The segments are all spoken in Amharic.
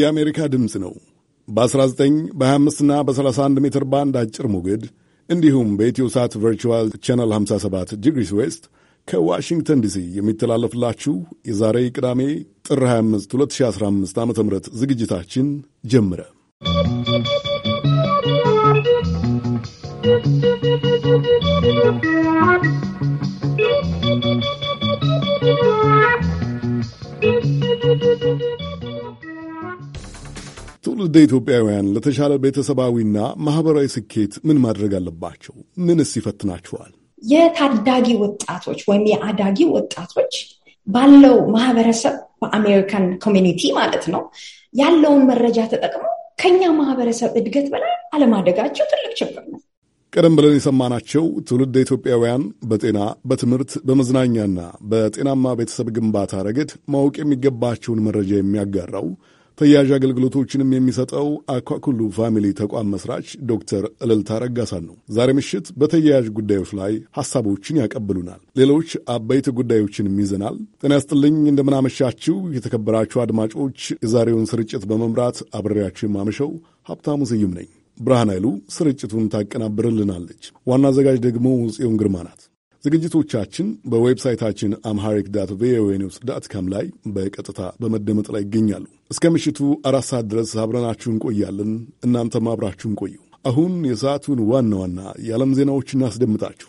የአሜሪካ ድምፅ ነው። በ19 በ25ና በ31 ሜትር ባንድ አጭር ሞገድ እንዲሁም በኢትዮ ሳት ቨርቹዋል ቻናል 57 ዲግሪስ ዌስት ከዋሽንግተን ዲሲ የሚተላለፍላችሁ የዛሬ ቅዳሜ ጥር 25 2015 ዓ ም ዝግጅታችን ጀምረ ¶¶ ትውልደ ኢትዮጵያውያን ለተሻለ ቤተሰባዊና ማህበራዊ ስኬት ምን ማድረግ አለባቸው? ምንስ ይፈትናቸዋል? የታዳጊ ወጣቶች ወይም የአዳጊ ወጣቶች ባለው ማህበረሰብ በአሜሪካን ኮሚኒቲ ማለት ነው ያለውን መረጃ ተጠቅመው ከኛ ማህበረሰብ እድገት በላይ አለማደጋቸው ትልቅ ችግር ነው። ቀደም ብለን የሰማናቸው ትውልድ ኢትዮጵያውያን በጤና በትምህርት፣ በመዝናኛና በጤናማ ቤተሰብ ግንባታ ረገድ ማወቅ የሚገባቸውን መረጃ የሚያጋራው ተያዥ አገልግሎቶችንም የሚሰጠው አኳኩሉ ፋሚሊ ተቋም መስራች ዶክተር እልልታ ረጋሳን ነው። ዛሬ ምሽት በተያያዥ ጉዳዮች ላይ ሐሳቦችን ያቀብሉናል። ሌሎች አበይት ጉዳዮችንም ይዘናል። ጤና ይስጥልኝ፣ እንደምናመሻችሁ የተከበራችሁ አድማጮች። የዛሬውን ስርጭት በመምራት አብሬያችሁ የማመሸው ሀብታሙ ስዩም ነኝ። ብርሃን ኃይሉ ስርጭቱን ታቀናብርልናለች። ዋና አዘጋጅ ደግሞ ጽዮን ግርማ ናት። ዝግጅቶቻችን በዌብሳይታችን አምሃሪክ ዳት ቪኦኤ ኒውስ ዳት ካም ላይ በቀጥታ በመደመጥ ላይ ይገኛሉ። እስከ ምሽቱ አራት ሰዓት ድረስ አብረናችሁ እንቆያለን። እናንተም አብራችሁን ቆዩ። አሁን የሰዓቱን ዋና ዋና የዓለም ዜናዎችን እናስደምጣችሁ።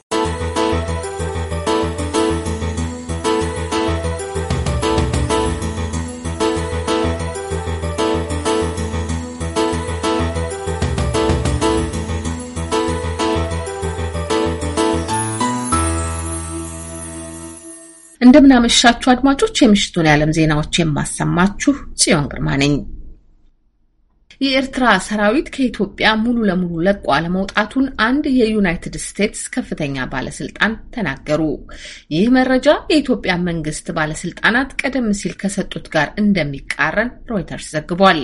እንደምናመሻችሁ አድማጮች፣ የምሽቱን የዓለም ዜናዎች የማሰማችሁ ጽዮን ግርማ ነኝ። የኤርትራ ሰራዊት ከኢትዮጵያ ሙሉ ለሙሉ ለቆ አለመውጣቱን አንድ የዩናይትድ ስቴትስ ከፍተኛ ባለስልጣን ተናገሩ። ይህ መረጃ የኢትዮጵያ መንግስት ባለስልጣናት ቀደም ሲል ከሰጡት ጋር እንደሚቃረን ሮይተርስ ዘግቧል።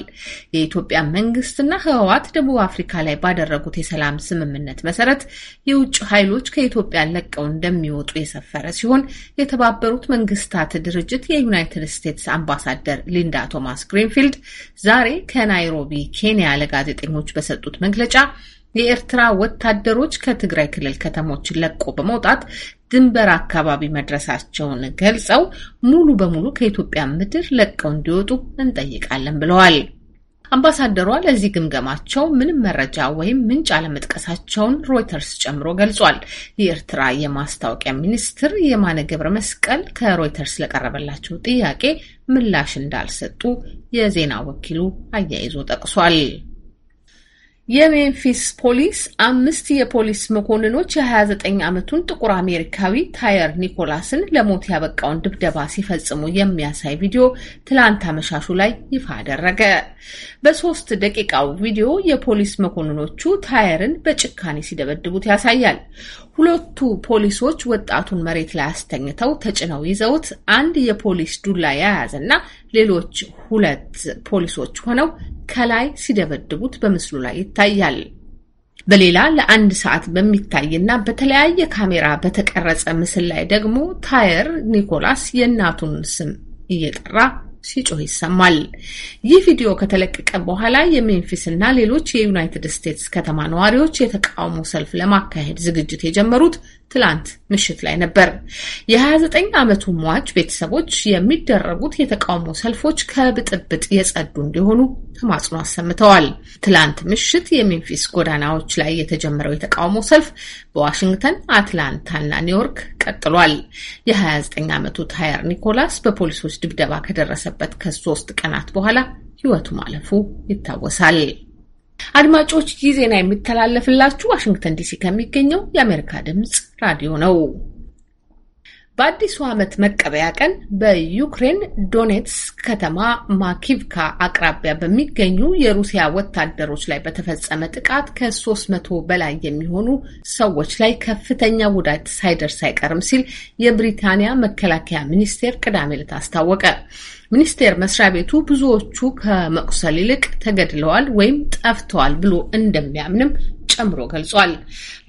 የኢትዮጵያ መንግስትና ህወሓት ደቡብ አፍሪካ ላይ ባደረጉት የሰላም ስምምነት መሰረት የውጭ ኃይሎች ከኢትዮጵያ ለቀው እንደሚወጡ የሰፈረ ሲሆን የተባበሩት መንግስታት ድርጅት የዩናይትድ ስቴትስ አምባሳደር ሊንዳ ቶማስ ግሪንፊልድ ዛሬ ከናይሮቢ ኬንያ ለጋዜጠኞች በሰጡት መግለጫ የኤርትራ ወታደሮች ከትግራይ ክልል ከተሞች ለቆ በመውጣት ድንበር አካባቢ መድረሳቸውን ገልጸው ሙሉ በሙሉ ከኢትዮጵያ ምድር ለቀው እንዲወጡ እንጠይቃለን ብለዋል። አምባሳደሯ ለዚህ ግምገማቸው ምንም መረጃ ወይም ምንጭ አለመጥቀሳቸውን ሮይተርስ ጨምሮ ገልጿል። የኤርትራ የማስታወቂያ ሚኒስትር የማነ ገብረ መስቀል ከሮይተርስ ለቀረበላቸው ጥያቄ ምላሽ እንዳልሰጡ የዜና ወኪሉ አያይዞ ጠቅሷል። የሜንፊስ ፖሊስ አምስት የፖሊስ መኮንኖች የ29 ዓመቱን ጥቁር አሜሪካዊ ታየር ኒኮላስን ለሞት ያበቃውን ድብደባ ሲፈጽሙ የሚያሳይ ቪዲዮ ትላንት አመሻሹ ላይ ይፋ አደረገ። በሶስት ደቂቃው ቪዲዮ የፖሊስ መኮንኖቹ ታየርን በጭካኔ ሲደበድቡት ያሳያል። ሁለቱ ፖሊሶች ወጣቱን መሬት ላይ አስተኝተው ተጭነው ይዘውት አንድ የፖሊስ ዱላ የያዘና ሌሎች ሁለት ፖሊሶች ሆነው ከላይ ሲደበድቡት በምስሉ ላይ ይታያል። በሌላ ለአንድ ሰዓት በሚታይና በተለያየ ካሜራ በተቀረጸ ምስል ላይ ደግሞ ታየር ኒኮላስ የእናቱን ስም እየጠራ ሲጮህ ይሰማል። ይህ ቪዲዮ ከተለቀቀ በኋላ የሜንፊስ እና ሌሎች የዩናይትድ ስቴትስ ከተማ ነዋሪዎች የተቃውሞ ሰልፍ ለማካሄድ ዝግጅት የጀመሩት ትላንት ምሽት ላይ ነበር። የ29 ዓመቱ ሟች ቤተሰቦች የሚደረጉት የተቃውሞ ሰልፎች ከብጥብጥ የጸዱ እንዲሆኑ ተማጽኖ አሰምተዋል። ትላንት ምሽት የሚንፊስ ጎዳናዎች ላይ የተጀመረው የተቃውሞ ሰልፍ በዋሽንግተን፣ አትላንታና ኒውዮርክ ቀጥሏል። የ29 ዓመቱ ታየር ኒኮላስ በፖሊሶች ድብደባ ከደረሰበት ከሶስት ቀናት በኋላ ሕይወቱ ማለፉ ይታወሳል። አድማጮች ይህ ዜና የሚተላለፍላችሁ ዋሽንግተን ዲሲ ከሚገኘው የአሜሪካ ድምፅ ራዲዮ ነው። በአዲሱ ዓመት መቀበያ ቀን በዩክሬን ዶኔትስክ ከተማ ማኪቭካ አቅራቢያ በሚገኙ የሩሲያ ወታደሮች ላይ በተፈጸመ ጥቃት ከሦስት መቶ በላይ የሚሆኑ ሰዎች ላይ ከፍተኛ ጉዳት ሳይደርስ አይቀርም ሲል የብሪታንያ መከላከያ ሚኒስቴር ቅዳሜ ዕለት አስታወቀ። ሚኒስቴር መስሪያ ቤቱ ብዙዎቹ ከመቁሰል ይልቅ ተገድለዋል ወይም ጠፍተዋል ብሎ እንደሚያምንም ጨምሮ ገልጿል።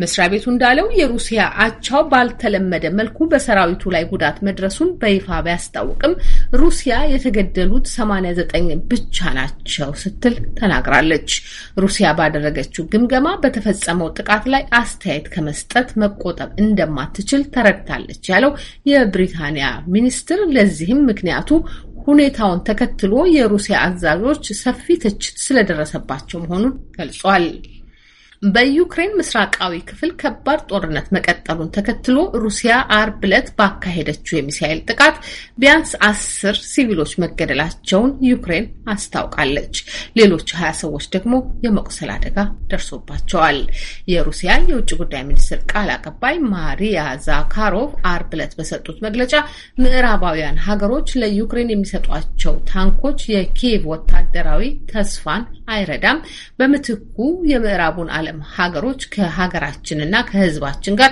መስሪያ ቤቱ እንዳለው የሩሲያ አቻው ባልተለመደ መልኩ በሰራዊቱ ላይ ጉዳት መድረሱን በይፋ ቢያስታውቅም ሩሲያ የተገደሉት 89 ብቻ ናቸው ስትል ተናግራለች። ሩሲያ ባደረገችው ግምገማ በተፈጸመው ጥቃት ላይ አስተያየት ከመስጠት መቆጠብ እንደማትችል ተረድታለች ያለው የብሪታንያ ሚኒስትር ለዚህም ምክንያቱ ሁኔታውን ተከትሎ የሩሲያ አዛዦች ሰፊ ትችት ስለደረሰባቸው መሆኑን ገልጿል። በዩክሬን ምስራቃዊ ክፍል ከባድ ጦርነት መቀጠሉን ተከትሎ ሩሲያ አርብ ዕለት ባካሄደችው የሚሳኤል ጥቃት ቢያንስ አስር ሲቪሎች መገደላቸውን ዩክሬን አስታውቃለች። ሌሎች ሀያ ሰዎች ደግሞ የመቁሰል አደጋ ደርሶባቸዋል። የሩሲያ የውጭ ጉዳይ ሚኒስትር ቃል አቀባይ ማሪያ ዛካሮቭ አርብ ዕለት በሰጡት መግለጫ ምዕራባውያን ሀገሮች ለዩክሬን የሚሰጧቸው ታንኮች የኪየቭ ወታደራዊ ተስፋን አይረዳም፣ በምትኩ የምዕራቡን አ የዓለም ሀገሮች ከሀገራችንና ከሕዝባችን ጋር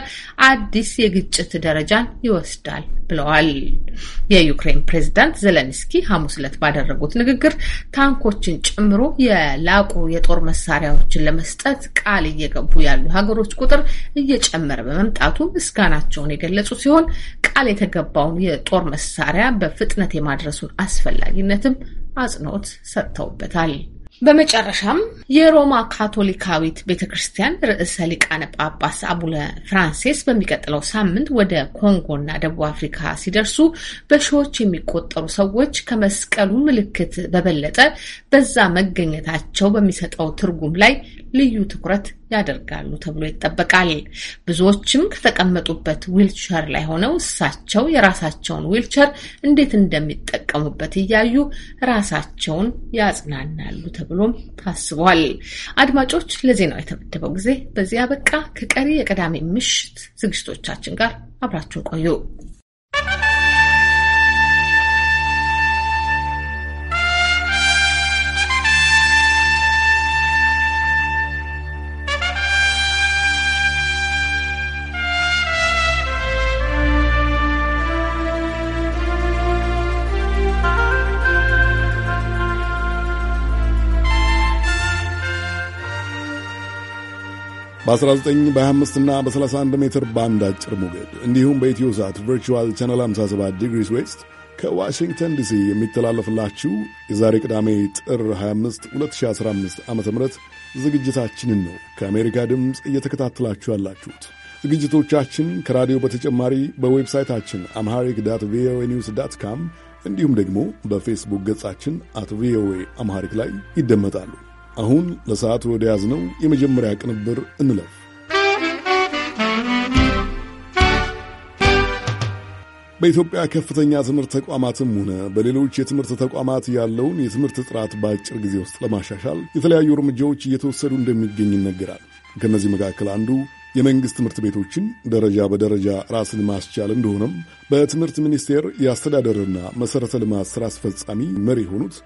አዲስ የግጭት ደረጃን ይወስዳል ብለዋል። የዩክሬን ፕሬዝዳንት ዘለንስኪ ሐሙስ ዕለት ባደረጉት ንግግር ታንኮችን ጨምሮ የላቁ የጦር መሳሪያዎችን ለመስጠት ቃል እየገቡ ያሉ ሀገሮች ቁጥር እየጨመረ በመምጣቱ ምስጋናቸውን የገለጹ ሲሆን ቃል የተገባውን የጦር መሳሪያ በፍጥነት የማድረሱን አስፈላጊነትም አጽንኦት ሰጥተውበታል። በመጨረሻም የሮማ ካቶሊካዊት ቤተ ክርስቲያን ርዕሰ ሊቃነ ጳጳስ አቡነ ፍራንሲስ በሚቀጥለው ሳምንት ወደ ኮንጎና ደቡብ አፍሪካ ሲደርሱ በሺዎች የሚቆጠሩ ሰዎች ከመስቀሉ ምልክት በበለጠ በዛ መገኘታቸው በሚሰጠው ትርጉም ላይ ልዩ ትኩረት ያደርጋሉ ተብሎ ይጠበቃል። ብዙዎችም ከተቀመጡበት ዊልቸር ላይ ሆነው እሳቸው የራሳቸውን ዊልቸር እንዴት እንደሚጠቀሙበት እያዩ ራሳቸውን ያጽናናሉ። ተብሎም ታስቧል። አድማጮች፣ ለዜናው የተመደበው ጊዜ በዚህ አበቃ። ከቀሪ የቅዳሜ ምሽት ዝግጅቶቻችን ጋር አብራችሁን ቆዩ። በ19 በ25 እና በ31 ሜትር ባንድ አጭር ሞገድ እንዲሁም በኢትዮ ሳት ቨርቹዋል ቻነል 57 ዲግሪስ ዌስት ከዋሽንግተን ዲሲ የሚተላለፍላችሁ የዛሬ ቅዳሜ ጥር 25 2015 ዓ ም ዝግጅታችንን ነው ከአሜሪካ ድምፅ እየተከታተላችሁ ያላችሁት። ዝግጅቶቻችን ከራዲዮ በተጨማሪ በዌብሳይታችን አምሃሪክ ዳት ቪኦኤ ኒውስ ዳት ካም እንዲሁም ደግሞ በፌስቡክ ገጻችን አት ቪኦኤ አምሃሪክ ላይ ይደመጣሉ። አሁን ለሰዓቱ ወደ ያዝነው የመጀመሪያ ቅንብር እንለፍ። በኢትዮጵያ ከፍተኛ ትምህርት ተቋማትም ሆነ በሌሎች የትምህርት ተቋማት ያለውን የትምህርት ጥራት በአጭር ጊዜ ውስጥ ለማሻሻል የተለያዩ እርምጃዎች እየተወሰዱ እንደሚገኝ ይነገራል። ከእነዚህ መካከል አንዱ የመንግሥት ትምህርት ቤቶችን ደረጃ በደረጃ ራስን ማስቻል እንደሆነም በትምህርት ሚኒስቴር የአስተዳደርና መሠረተ ልማት ሥራ አስፈጻሚ መሪ የሆኑት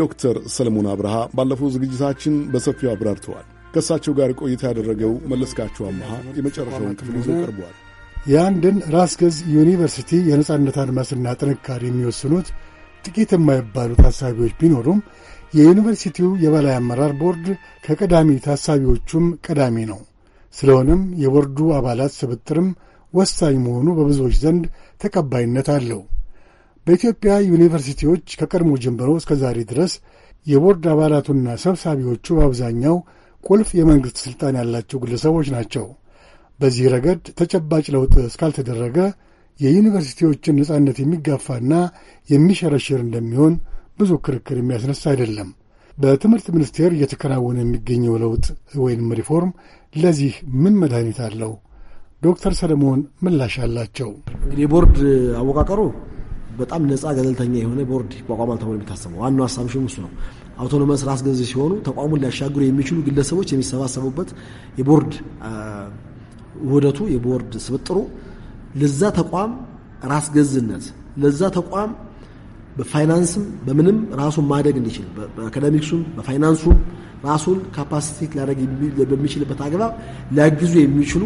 ዶክተር ሰለሞን አብርሃ ባለፈው ዝግጅታችን በሰፊው አብራርተዋል። ከእሳቸው ጋር ቆይታ ያደረገው መለስካቸው አመሃ የመጨረሻውን ክፍል ይዞ ቀርቧል። የአንድን ራስ ገዝ ዩኒቨርሲቲ የነጻነት አድማስና ጥንካሬ የሚወስኑት ጥቂት የማይባሉ ታሳቢዎች ቢኖሩም የዩኒቨርሲቲው የበላይ አመራር ቦርድ ከቀዳሚ ታሳቢዎቹም ቀዳሚ ነው። ስለሆነም የቦርዱ አባላት ስብጥርም ወሳኝ መሆኑ በብዙዎች ዘንድ ተቀባይነት አለው። በኢትዮጵያ ዩኒቨርሲቲዎች ከቀድሞ ጀምሮ እስከ ዛሬ ድረስ የቦርድ አባላቱና ሰብሳቢዎቹ በአብዛኛው ቁልፍ የመንግሥት ሥልጣን ያላቸው ግለሰቦች ናቸው። በዚህ ረገድ ተጨባጭ ለውጥ እስካልተደረገ የዩኒቨርሲቲዎችን ነጻነት የሚጋፋና የሚሸረሽር እንደሚሆን ብዙ ክርክር የሚያስነሳ አይደለም። በትምህርት ሚኒስቴር እየተከናወነ የሚገኘው ለውጥ ወይም ሪፎርም ለዚህ ምን መድኃኒት አለው? ዶክተር ሰለሞን ምላሽ አላቸው። እንግዲህ የቦርድ አወቃቀሩ በጣም ነፃ ገለልተኛ የሆነ ቦርድ ይቋቋማል ተብሎ የሚታሰበው ዋናው ሀሳብ እሱ ነው። አውቶኖመስ ራስ ገዝ ሲሆኑ ተቋሙን ሊያሻግሩ የሚችሉ ግለሰቦች የሚሰባሰቡበት የቦርድ ውህደቱ የቦርድ ስብጥሩ ለዛ ተቋም ራስ ገዝነት ለዛ ተቋም በፋይናንስም በምንም ራሱን ማደግ እንዲችል በአካዳሚክሱም በፋይናንሱም ራሱን ካፓሲቲ ሊያደርግ በሚችልበት አግባብ ሊያግዙ የሚችሉ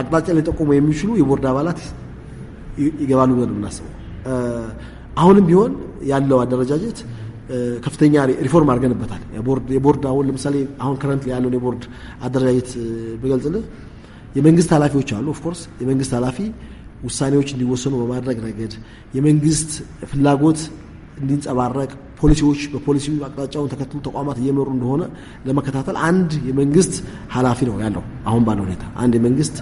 አቅጣጫ ሊጠቁሙ የሚችሉ የቦርድ አባላት ይገባሉ ብለን የምናስበው አሁንም ቢሆን ያለው አደረጃጀት ከፍተኛ ሪፎርም አድርገንበታል። የቦርድ አሁን ለምሳሌ አሁን ከረንት ያለውን የቦርድ አደረጃጀት ብገልጽልህ የመንግስት ኃላፊዎች አሉ። ኦፍኮርስ የመንግስት ኃላፊ ውሳኔዎች እንዲወሰኑ በማድረግ ረገድ የመንግስት ፍላጎት እንዲንጸባረቅ ፖሊሲዎች በፖሊሲ አቅጣጫውን ተከትሎ ተቋማት እየመሩ እንደሆነ ለመከታተል አንድ የመንግስት ኃላፊ ነው ያለው። አሁን ባለው ሁኔታ አንድ የመንግስት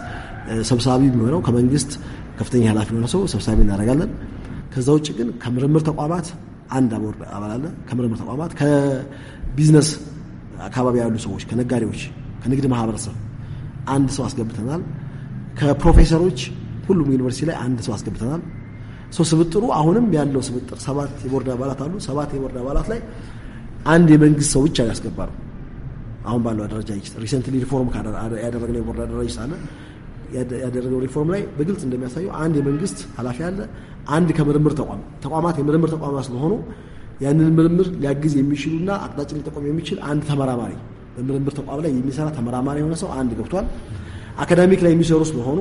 ሰብሳቢ የሚሆነው ከመንግስት ከፍተኛ ኃላፊ የሆነ ሰው ሰብሳቢ እናደርጋለን። ከዛ ውጭ ግን ከምርምር ተቋማት አንድ አቦርድ አባል አለ። ከምርምር ተቋማት ከቢዝነስ አካባቢ ያሉ ሰዎች፣ ከነጋዴዎች፣ ከንግድ ማህበረሰብ አንድ ሰው አስገብተናል። ከፕሮፌሰሮች ሁሉም ዩኒቨርሲቲ ላይ አንድ ሰው አስገብተናል። ሰው ስብጥሩ አሁንም ያለው ስብጥር ሰባት የቦርድ አባላት አሉ። ሰባት የቦርድ አባላት ላይ አንድ የመንግስት ሰው ብቻ ያስገባሩ አሁን ባለው አደረጃ ሪሰንትሊ ሪፎርም ያደረግነው የቦርድ አደረጃ አለ። ያደረገው ሪፎርም ላይ በግልጽ እንደሚያሳየው አንድ የመንግስት ኃላፊ አለ፣ አንድ ከምርምር ተቋም ተቋማት የምርምር ተቋማት ስለሆኑ ያንን ምርምር ሊያግዝ የሚችሉና አቅጣጫ ሊጠቆም የሚችል አንድ ተመራማሪ በምርምር ተቋም ላይ የሚሰራ ተመራማሪ የሆነ ሰው አንድ ገብቷል። አካዳሚክ ላይ የሚሰሩ ስለሆኑ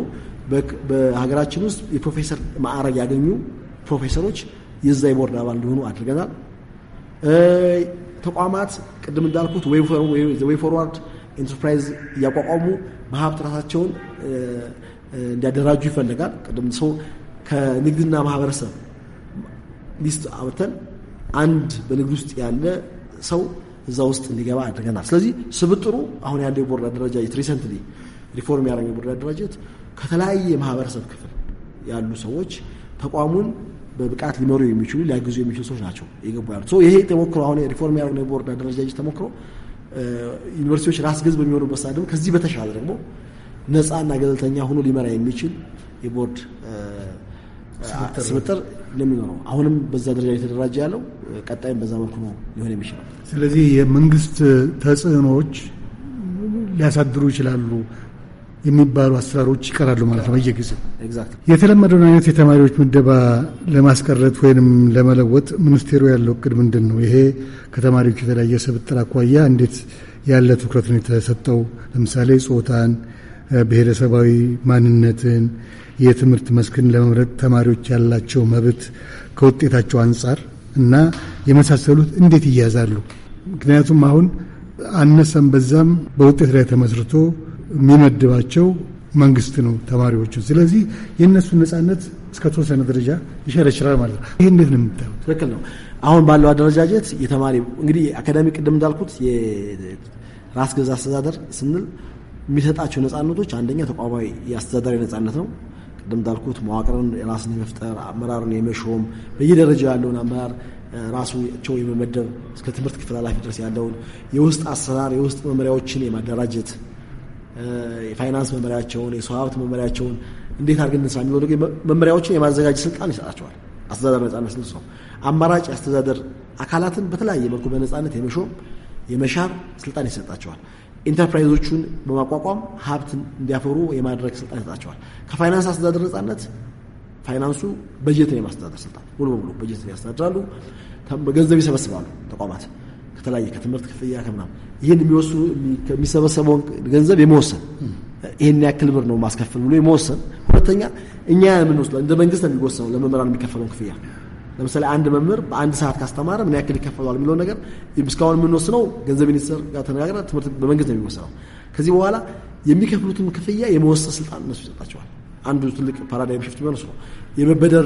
በሀገራችን ውስጥ የፕሮፌሰር ማዕረግ ያገኙ ፕሮፌሰሮች የዛ ቦርድ አባል እንዲሆኑ አድርገናል። ተቋማት ቅድም እንዳልኩት ዌይ ፎርዋርድ ኢንተርፕራይዝ እያቋቋሙ በሀብት ራሳቸውን እንዲያደራጁ ይፈልጋል። ቅድም ሰው ከንግድና ማህበረሰብ ሊስት አውጥተን አንድ በንግድ ውስጥ ያለ ሰው እዛ ውስጥ እንዲገባ አድርገናል። ስለዚህ ስብጥሩ አሁን ያለው የቦርድ አደረጃጀት ሪሰንትሊ ሪፎርም ያደረገው የቦርድ አደረጃጀት ከተለያየ የማህበረሰብ ክፍል ያሉ ሰዎች ተቋሙን በብቃት ሊመሩ የሚችሉ ሊያግዙ የሚችሉ ሰዎች ናቸው የገቡ ያሉት። ይሄ ተሞክሮ አሁን ሪፎርም ያደረግነው የቦርድ አደረጃጀት ተሞክሮ ዩኒቨርሲቲዎች ራስ ገዝ በሚሆኑበት ሰዓት ደግሞ ከዚህ በተሻለ ደግሞ ነፃና ገለልተኛ ሆኖ ሊመራ የሚችል የቦርድ ስብጥር ለሚኖረው አሁንም በዛ ደረጃ እየተደራጀ ያለው ቀጣይም በዛ መልኩ ነው ሊሆን የሚችለው። ስለዚህ የመንግስት ተጽዕኖዎች ሊያሳድሩ ይችላሉ የሚባሉ አሰራሮች ይቀራሉ ማለት ነው። በየጊዜው የተለመደውን አይነት የተማሪዎች ምደባ ለማስቀረት ወይንም ለመለወጥ ሚኒስቴሩ ያለው እቅድ ምንድን ነው? ይሄ ከተማሪዎች የተለያየ ስብጥር አኳያ እንዴት ያለ ትኩረት ነው የተሰጠው? ለምሳሌ ጾታን፣ ብሔረሰባዊ ማንነትን የትምህርት መስክን ለመምረጥ ተማሪዎች ያላቸው መብት ከውጤታቸው አንጻር እና የመሳሰሉት እንዴት ይያዛሉ? ምክንያቱም አሁን አነሰም በዛም በውጤት ላይ ተመስርቶ የሚመድባቸው መንግስት ነው ተማሪዎቹ። ስለዚህ የእነሱን ነጻነት እስከ ተወሰነ ደረጃ ይሸረሽራል ማለት ነው። ይህ እንዴት ነው የምታዩት? ትክክል ነው። አሁን ባለው አደረጃጀት የተማሪ እንግዲህ አካዳሚ ቅድም እንዳልኩት የራስ ገዛ አስተዳደር ስንል የሚሰጣቸው ነጻነቶች አንደኛ ተቋማዊ የአስተዳዳሪ ነጻነት ነው። ቅድም እንዳልኩት መዋቅርን ራስን የመፍጠር አመራርን የመሾም በየደረጃው ያለውን አመራር ራሳቸው የመመደብ እስከ ትምህርት ክፍል ኃላፊ ድረስ ያለውን የውስጥ አሰራር የውስጥ መመሪያዎችን የማደራጀት የፋይናንስ መመሪያቸውን የሰው ሀብት መመሪያቸውን እንዴት አድርገን እንስራ የሚለው መመሪያዎችን የማዘጋጀት ስልጣን ይሰጣቸዋል። አስተዳደር ነጻነት ስልሶ አማራጭ አስተዳደር አካላትን በተለያየ መልኩ በነጻነት የመሾም የመሻር ስልጣን ይሰጣቸዋል። ኢንተርፕራይዞቹን በማቋቋም ሀብት እንዲያፈሩ የማድረግ ስልጣን ይሰጣቸዋል። ከፋይናንስ አስተዳደር ነጻነት ፋይናንሱ በጀትን የማስተዳደር ስልጣን ሙሉ በሙሉ በጀትን ያስተዳድራሉ። ገንዘብ ይሰበስባሉ ተቋማት ከተለያየ ከትምህርት ክፍያ ከምናምን ይህን የሚወስኑ የሚሰበሰበውን ገንዘብ የመወሰን ይህን ያክል ብር ነው ማስከፍል ብሎ የመወሰን ሁለተኛ እኛ የምንወስደው እንደ መንግስት ነው የሚወሰነው ለመምህራን የሚከፈለውን ክፍያ ለምሳሌ አንድ መምህር በአንድ ሰዓት ካስተማረ ምን ያክል ይከፈሏል የሚለው ነገር እስካሁን የምንወስነው ገንዘብ ሚኒስትር ጋር ተነጋግረን ትምህርት በመንግስት ነው የሚወስነው። ከዚህ በኋላ የሚከፍሉትን ክፍያ የመወሰን ስልጣን እነሱ ይሰጣቸዋል። አንዱ ትልቅ ፓራዳይም ሽፍት የሚሆን ነው። የመበደር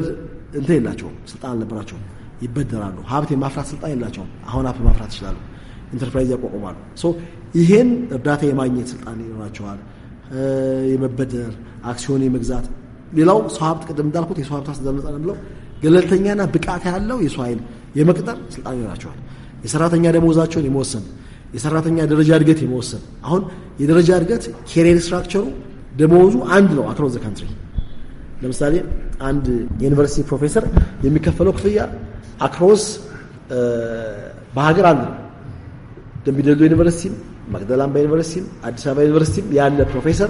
እንትን የላቸውም፣ ስልጣን አልነበራቸውም። ይበደራሉ። ሀብት የማፍራት ስልጣን የላቸውም። አሁን ሀብት ማፍራት ይችላሉ። ኢንተርፕራይዝ ያቋቁማሉ። ይሄን እርዳታ የማግኘት ስልጣን ይኖራቸዋል። የመበደር አክሲዮን የመግዛት ሌላው ሰው ሀብት ቅድም እንዳልኩት የሰው ሀብት አስተዳደር ነጻ ነው ብለው ገለልተኛና ብቃት ያለው የሰው ኃይል የመቅጠር ስልጣን ይኖራቸዋል። የሰራተኛ ደሞዛቸውን የመወሰን የሰራተኛ ደረጃ እድገት የመወሰን አሁን የደረጃ እድገት ኬሪየር ስትራክቸሩ ደመወዙ አንድ ነው አክሮስ ዘ ካንትሪ። ለምሳሌ አንድ የዩኒቨርሲቲ ፕሮፌሰር የሚከፈለው ክፍያ አክሮስ በሀገር አንድ ነው። ደምቢዶሎ ዩኒቨርሲቲም፣ መቅደላ አምባ ዩኒቨርሲቲም፣ አዲስ አበባ ዩኒቨርሲቲም ያለ ፕሮፌሰር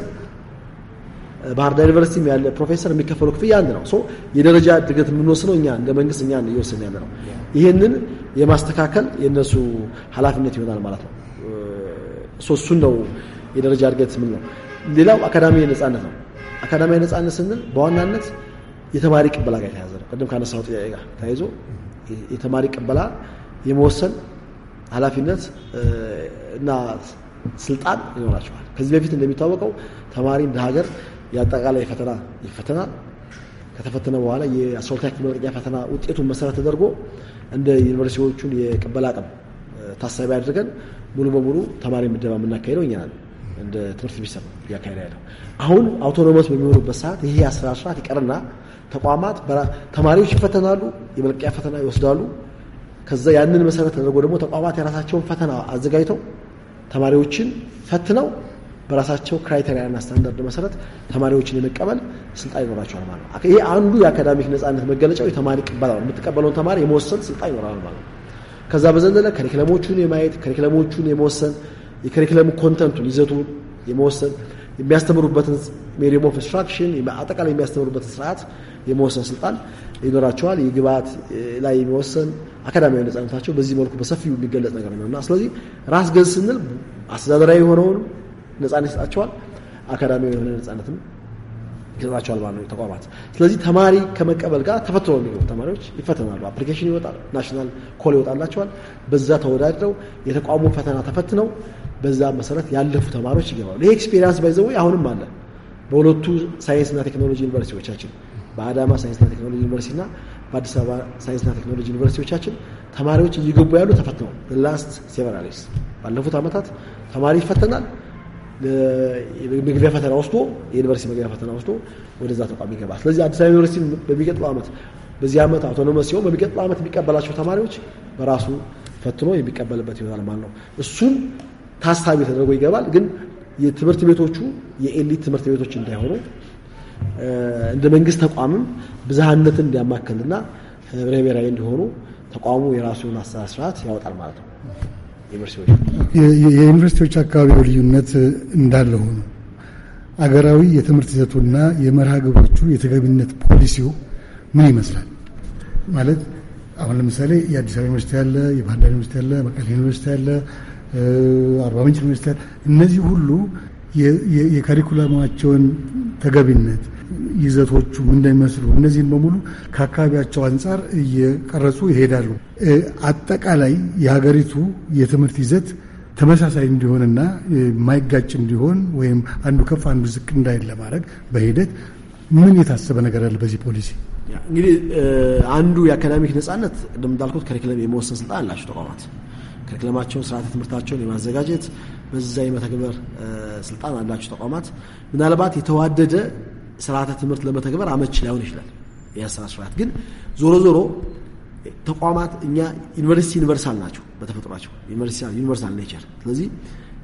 ባህር ዳር ዩኒቨርሲቲ ያለ ፕሮፌሰር የሚከፈሉ ክፍያ አንድ ነው። የደረጃ እድገት የምንወስነው እኛ እንደ መንግስት እኛ እየወሰን ያለ ነው። ይህንን የማስተካከል የእነሱ ኃላፊነት ይሆናል ማለት ነው። እሱን ነው የደረጃ እድገት ምን ነው። ሌላው አካዳሚ ነጻነት ነው። አካዳሚ ነጻነት ስንል በዋናነት የተማሪ ቅበላ ጋር የተያዘ ነው። ቅድም ካነሳው ጥያቄ ጋር ተያይዞ የተማሪ ቅበላ የመወሰን ኃላፊነት እና ስልጣን ይኖራቸዋል። ከዚህ በፊት እንደሚታወቀው ተማሪ እንደ ሀገር የአጠቃላይ ፈተና ፈተና ከተፈተነ በኋላ የአስወልታክ መልቀቂያ ፈተና ውጤቱን መሰረት ተደርጎ እንደ ዩኒቨርሲቲዎቹን የቅበላ አቅም ታሳቢ አድርገን ሙሉ በሙሉ ተማሪ ምደባ የምናካሄደው እኛ ነን። እንደ ትምህርት ሚኒስትር እያካሄደ ያለው አሁን አውቶኖመስ በሚሆኑበት ሰዓት ይህ የአሰራር ስርዓት ይቀርና ተቋማት ተማሪዎች ይፈተናሉ፣ የመልቀቂያ ፈተና ይወስዳሉ። ከዛ ያንን መሰረት ተደርጎ ደግሞ ተቋማት የራሳቸውን ፈተና አዘጋጅተው ተማሪዎችን ፈትነው በራሳቸው ክራይቴሪያና ስታንዳርድ መሰረት ተማሪዎችን የመቀበል ስልጣን ይኖራቸዋል ማለት ነው። ይሄ አንዱ የአካዳሚክ ነጻነት መገለጫው የተማሪ ቅበላ ነው። የምትቀበለውን ተማሪ የመወሰን ስልጣን ይኖራል ማለት ነው። ከዛ በዘለለ ከሪክለሞቹን የማየት ከሪክለሞቹን የመወሰን የከሪክለሙ ኮንተንቱን ይዘቱን የመወሰን የሚያስተምሩበትን ሜዲየም ኦፍ ኢንስትራክሽን አጠቃላይ የሚያስተምሩበትን ስርዓት የመወሰን ስልጣን ይኖራቸዋል። የግብዓት ላይ የሚወሰን አካዳሚያዊ ነጻነታቸው በዚህ መልኩ በሰፊው የሚገለጽ ነገር ነው እና ስለዚህ ራስ ገዝ ስንል አስተዳደራዊ የሆነውን ነጻነት ይሰጣቸዋል፣ አካዳሚያዊ የሆነ ነጻነትም ይሰጣቸዋል ማለት ተቋማት። ስለዚህ ተማሪ ከመቀበል ጋር ተፈትኖ የሚገቡ ተማሪዎች ይፈተናሉ። አፕሊኬሽን ይወጣል፣ ናሽናል ኮል ይወጣላቸዋል። በዛ ተወዳድረው የተቋሙ ፈተና ተፈትነው በዛ መሰረት ያለፉ ተማሪዎች ይገባሉ። ይሄ ኤክስፔሪንስ ባይዘው አሁንም አለ በሁለቱ ሳይንስና ቴክኖሎጂ ዩኒቨርሲቲዎቻችን በአዳማ ሳይንስና ቴክኖሎጂ ዩኒቨርሲቲና በአዲስ አበባ ሳይንስና ቴክኖሎጂ ዩኒቨርሲቲዎቻችን ተማሪዎች እየገቡ ያሉ ተፈትነው ላስት ሴቨራሌስ ባለፉት ዓመታት ተማሪ ይፈተናል። መግቢያ ፈተና ወስዶ የዩኒቨርሲቲ መግቢያ ፈተና ወስዶ ወደዛ ተቋም ይገባል። ስለዚህ አዲስ አበባ ዩኒቨርሲቲ በሚቀጥለው ዓመት በዚህ ዓመት አውቶኖመስ ሲሆን በሚቀጥለው ዓመት የሚቀበላቸው ተማሪዎች በራሱ ፈትኖ የሚቀበልበት ይሆናል ማለት ነው። እሱም ታሳቢ ተደርጎ ይገባል። ግን የትምህርት ቤቶቹ የኤሊት ትምህርት ቤቶች እንዳይሆኑ እንደ መንግስት ተቋምም ብዝሃነትን እንዲያማክልና ህብረ ብሔራዊ እንዲሆኑ ተቋሙ የራሱን አሰራር ስርዓት ያወጣል ማለት ነው። የዩኒቨርሲቲዎች አካባቢው ልዩነት እንዳለ ሆኖ አገራዊ የትምህርት ይዘቱና የመርሃ ግብሮቹ የተገቢነት ፖሊሲው ምን ይመስላል? ማለት አሁን ለምሳሌ የአዲስ አበባ ዩኒቨርሲቲ አለ፣ የባህርዳር ዩኒቨርሲቲ አለ፣ መቀሌ ዩኒቨርሲቲ አለ፣ አርባ ምንጭ ዩኒቨርሲቲ አለ። እነዚህ ሁሉ የከሪኩለማቸውን ተገቢነት ይዘቶቹ እንደሚመስሉ እነዚህን በሙሉ ከአካባቢያቸው አንጻር እየቀረጹ ይሄዳሉ። አጠቃላይ የሀገሪቱ የትምህርት ይዘት ተመሳሳይ እንዲሆንና የማይጋጭ እንዲሆን ወይም አንዱ ከፍ አንዱ ዝቅ እንዳይል ለማድረግ በሂደት ምን የታሰበ ነገር አለ በዚህ ፖሊሲ? እንግዲህ አንዱ የአካዳሚክ ነጻነት ቅድም እንዳልኩት ከሪክለም የመወሰን ስልጣን አላቸው ተቋማት። ከሪክለማቸውን ስርዓተ ትምህርታቸውን የማዘጋጀት በዛ የመተግበር ስልጣን አላቸው ተቋማት። ምናልባት የተዋደደ ስርዓተ ትምህርት ለመተግበር አመች ላይሆን ይችላል። የአሰራር ስርዓት ግን ዞሮ ዞሮ ተቋማት እኛ ዩኒቨርሲቲ ዩኒቨርሳል ናቸው በተፈጥሯቸው ዩኒቨርሳል ኔቸር። ስለዚህ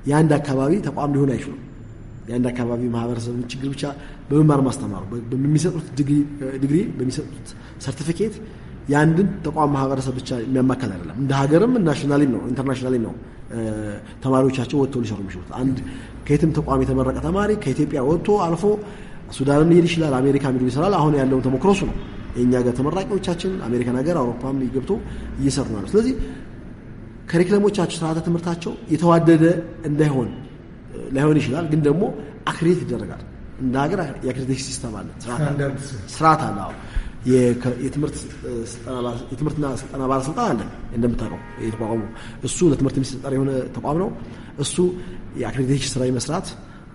የአንድ አካባቢ ተቋም ሊሆን አይችሉም። የአንድ አካባቢ ማህበረሰብን ችግር ብቻ በመማር ማስተማሩ በሚሰጡት ዲግሪ በሚሰጡት ሰርቲፊኬት የአንድን ተቋም ማህበረሰብ ብቻ የሚያማከል አይደለም። እንደ ሀገርም ናሽናሊም ነው ኢንተርናሽናሊም ነው ተማሪዎቻቸው ወጥቶ ሊሰሩ የሚችሉት አንድ ከየትም ተቋም የተመረቀ ተማሪ ከኢትዮጵያ ወጥቶ አልፎ ሱዳንም ሊሄድ ይችላል፣ አሜሪካ ሄዶ ይሰራል። አሁን ያለውን ተሞክሮ እሱ ነው። የእኛ ጋር ተመራቂዎቻችን አሜሪካን ሀገር አውሮፓም ይገብቶ እየሰሩ ነው። ስለዚህ ከሪክለሞቻቸው ስርዓተ ትምህርታቸው የተዋደደ እንዳይሆን ላይሆን ይችላል፣ ግን ደግሞ አክሬት ይደረጋል። እንደ ሀገር የአክሬዲቴሽን ሲስተም አለ፣ ስርዓት አለ። የትምህርትና ስልጠና ባለስልጣን አለ እንደምታውቀው የተቋቋሙ እሱ ለትምህርት የሚሰጠር የሆነ ተቋም ነው። እሱ የአክሬዲቴሽን ስራ መስራት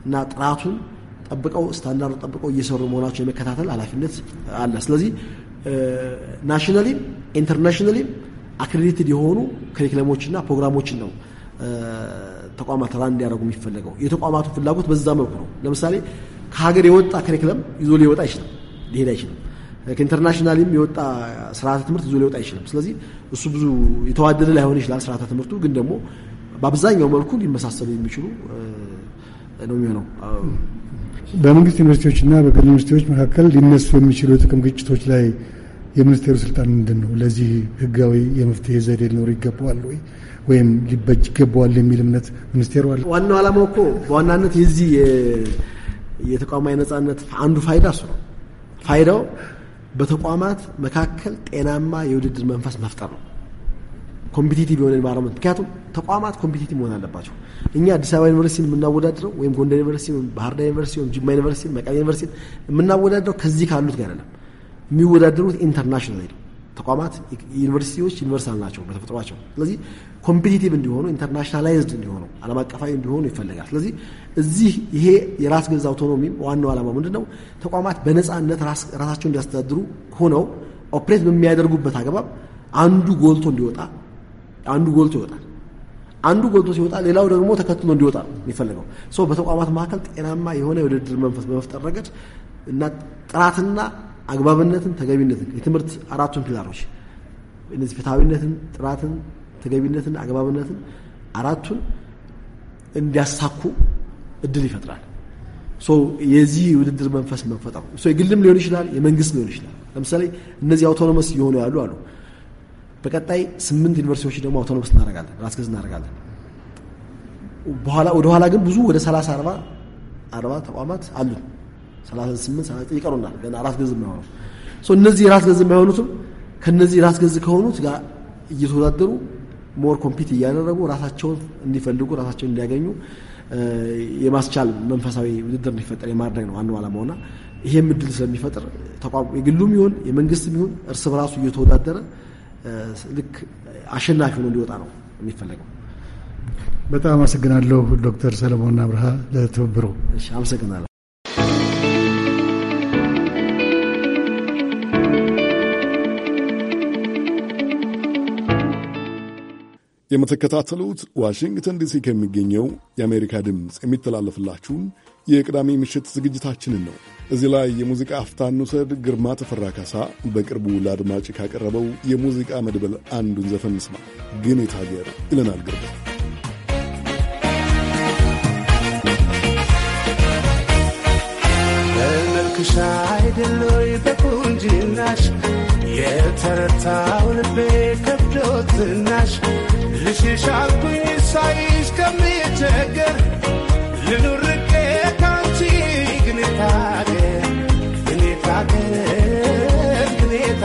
እና ጥራቱን ጠብቀው ስታንዳርዱ ጠብቀው እየሰሩ መሆናቸው የመከታተል ኃላፊነት አለ። ስለዚህ ናሽናሊም ኢንተርናሽናሊም አክሬዲትድ የሆኑ ክሪክለሞችና ፕሮግራሞችን ነው ተቋማት ራ እንዲያደርጉ የሚፈለገው። የተቋማቱ ፍላጎት በዛ መልኩ ነው። ለምሳሌ ከሀገር የወጣ ክሪክለም ይዞ ሊወጣ አይችልም፣ ሊሄድ አይችልም። ከኢንተርናሽናልም የወጣ ስርዓተ ትምህርት ብዙ ሊወጣ አይችልም። ስለዚህ እሱ ብዙ የተዋደደ ላይሆን ይችላል ስርዓተ ትምህርቱ ግን ደግሞ በአብዛኛው መልኩ ሊመሳሰሉ የሚችሉ ነው የሚሆነው። በመንግስት እና በግል ዩኒቨርሲቲዎች መካከል ሊነሱ የሚችሉ የጥቅም ግጭቶች ላይ የሚኒስቴሩ ስልጣን ምንድን ነው? ለዚህ ህጋዊ የመፍትሄ ዘዴ ሊኖር ይገባዋል ወይ ወይም ሊበጅ ይገባዋል የሚል እምነት ሚኒስቴሩ አለ። ዋናው ዓላማው እኮ በዋናነት የዚህ የተቋማዊ ነጻነት አንዱ ፋይዳ እሱ ነው። ፋይዳው በተቋማት መካከል ጤናማ የውድድር መንፈስ መፍጠር ነው። ኮምፒቲቲቭ የሆነ ኢንቫይሮንመንት። ምክንያቱም ተቋማት ኮምፒቲቲቭ መሆን አለባቸው። እኛ አዲስ አበባ ዩኒቨርሲቲን የምናወዳድረው ወይም ጎንደር ዩኒቨርሲቲ ወይም ባህር ዩኒቨርሲቲ ወይም ጅማ ዩኒቨርሲቲ መቀሌ ዩኒቨርሲቲ የምናወዳድረው ከዚህ ካሉት ጋር አይደለም። የሚወዳደሩት ኢንተርናሽናል ተቋማት ዩኒቨርሲቲዎች ዩኒቨርሳል ናቸው በተፈጥሯቸው። ስለዚህ ኮምፒቲቲቭ እንዲሆኑ ኢንተርናሽናላይዝድ እንዲሆኑ ዓለም አቀፋዊ እንዲሆኑ ይፈልጋል። ስለዚህ እዚህ ይሄ የራስ ገዝ አውቶኖሚ ዋናው ዓላማ ምንድን ነው? ተቋማት በነፃነት ራሳቸው እንዲያስተዳድሩ ሆነው ኦፕሬት በሚያደርጉበት አግባብ አንዱ ጎልቶ እንዲወጣ አንዱ ጎልቶ ይወጣል። አንዱ ጎልቶ ሲወጣ ሌላው ደግሞ ተከትሎ እንዲወጣ የሚፈልገው ሰው በተቋማት መካከል ጤናማ የሆነ የውድድር መንፈስ በመፍጠር ረገድ እና ጥራትና አግባብነትን፣ ተገቢነትን የትምህርት አራቱን ፒላሮች እነዚህ ፍትሐዊነትን፣ ጥራትን፣ ተገቢነትን፣ አግባብነትን አራቱን እንዲያሳኩ እድል ይፈጥራል። የዚህ ውድድር መንፈስ መፈጠሩ የግልም ሊሆን ይችላል፣ የመንግስት ሊሆን ይችላል። ለምሳሌ እነዚህ አውቶኖመስ የሆኑ ያሉ አሉ። በቀጣይ ስምንት ዩኒቨርሲቲዎች ደግሞ አውቶኖመስ እናደርጋለን፣ ራስ ገዝ እናደርጋለን። ወደኋላ ግን ብዙ ወደ 30 40 40 ተቋማት አሉን። 38 39 ይቀሩናል። ገና ራስ ገዝ የማይሆኑ እነዚህ ራስ ገዝ የማይሆኑትም ከነዚህ ራስ ገዝ ከሆኑት ጋር እየተወዳደሩ ሞር ኮምፒት እያደረጉ ራሳቸውን እንዲፈልጉ ራሳቸውን እንዲያገኙ የማስቻል መንፈሳዊ ውድድር እንዲፈጠር የማድረግ ነው አንዱ ዓላማውና ይሄም እድል ስለሚፈጥር ተቋም የግሉም ይሁን የመንግስትም ይሁን እርስ በራሱ እየተወዳደረ ልክ አሸናፊ ሆኖ እንዲወጣ ነው የሚፈለገው። በጣም አመሰግናለሁ ዶክተር ሰለሞን አብርሃ ለትብብሮ። አመሰግናለሁ። የምትከታተሉት ዋሽንግተን ዲሲ ከሚገኘው የአሜሪካ ድምፅ የሚተላለፍላችሁን የቅዳሜ ምሽት ዝግጅታችንን ነው። እዚህ ላይ የሙዚቃ አፍታን ውሰድ። ግርማ ተፈራ ካሳ በቅርቡ ለአድማጭ ካቀረበው የሙዚቃ መድበል አንዱን ዘፈን ስማ ግን የታገር ይለናል ግርማ በመልክሻ አይደሎይ በቁንጅናሽ የተረታው ልቤ ከብዶትናሽ ከሸሻልኩኝ ሳይሽ ከምቸገር ልኑር ርቄ ካንቺ ግኔታ ገር ግኔታ ገር ግኔታ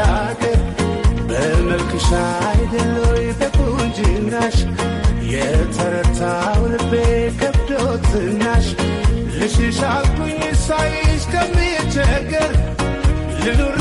በመልክሽ አይደለው በቁንጅናሽ የተረታው ልቤ ከብዶት ዝናሽ ልሽሻልኩኝ ሳይሽ ከምቸገር ልኑር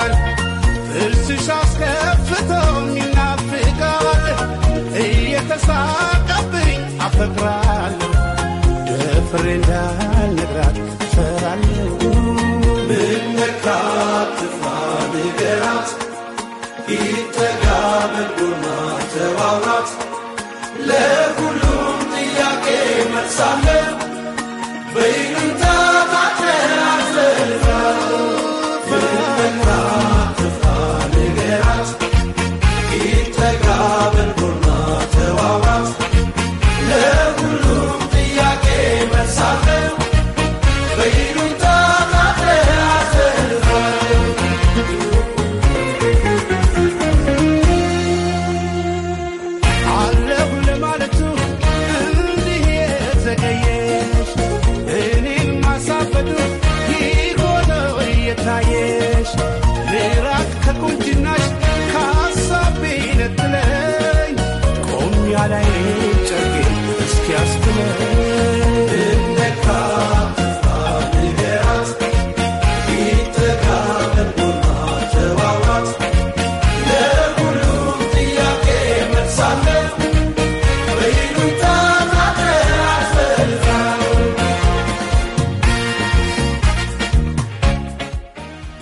ይናፍቃል ፍልስሽ አስከፍተው ይናፍቃል እየተሳቀብኝ አፈቅራለሁ ደፍሬ እንዳልነግራት ፈራለሁ ምነካት ትፍራ ንገራት ይተጋበሉና ተባብራት ለሁሉም ጥያቄ መልሳለሁ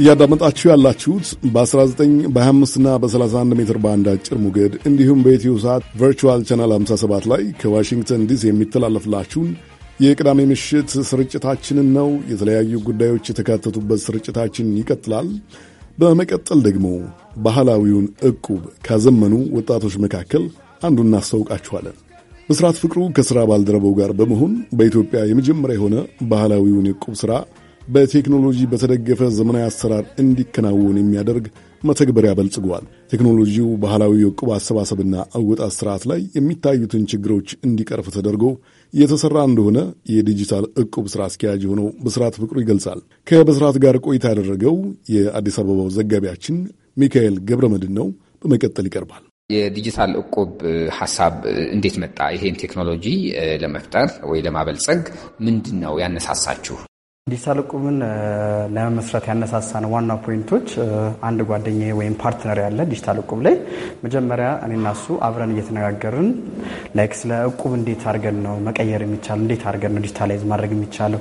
እያዳመጣችሁ ያላችሁት በ19 25 እና በ31 ሜትር ባንድ አጭር ሞገድ እንዲሁም በኢትዮ ሰዓት ቨርቹዋል ቻናል 57 ላይ ከዋሽንግተን ዲሲ የሚተላለፍላችሁን የቅዳሜ ምሽት ስርጭታችንን ነው። የተለያዩ ጉዳዮች የተካተቱበት ስርጭታችን ይቀጥላል። በመቀጠል ደግሞ ባህላዊውን ዕቁብ ካዘመኑ ወጣቶች መካከል አንዱ እናስታውቃችኋለን። ምስራት ፍቅሩ ከሥራ ባልደረበው ጋር በመሆን በኢትዮጵያ የመጀመሪያ የሆነ ባህላዊውን ዕቁብ ሥራ በቴክኖሎጂ በተደገፈ ዘመናዊ አሰራር እንዲከናወን የሚያደርግ መተግበሪያ በልጽጓል። ቴክኖሎጂው ባህላዊ የዕቁብ አሰባሰብና አወጣት ስርዓት ላይ የሚታዩትን ችግሮች እንዲቀርፍ ተደርጎ የተሰራ እንደሆነ የዲጂታል ዕቁብ ስራ አስኪያጅ የሆነው በስርዓት ፍቅሩ ይገልጻል። ከበስርዓት ጋር ቆይታ ያደረገው የአዲስ አበባው ዘጋቢያችን ሚካኤል መድን ነው። በመቀጠል ይቀርባል። የዲጂታል እቁብ ሀሳብ እንዴት መጣ? ይሄን ቴክኖሎጂ ለመፍጠር ወይ ለማበልጸግ ምንድን ነው ያነሳሳችሁ? ዲጂታል እቁብን ለመመስረት ያነሳሳን ዋና ፖይንቶች አንድ ጓደኛ ወይም ፓርትነር ያለ ዲጂታል እቁብ ላይ መጀመሪያ እኔና እሱ አብረን እየተነጋገርን ላይክ ስለ እቁብ እንዴት አድርገን ነው መቀየር የሚቻለው፣ እንዴት አድርገን ነው ዲጂታላይዝ ማድረግ የሚቻለው፣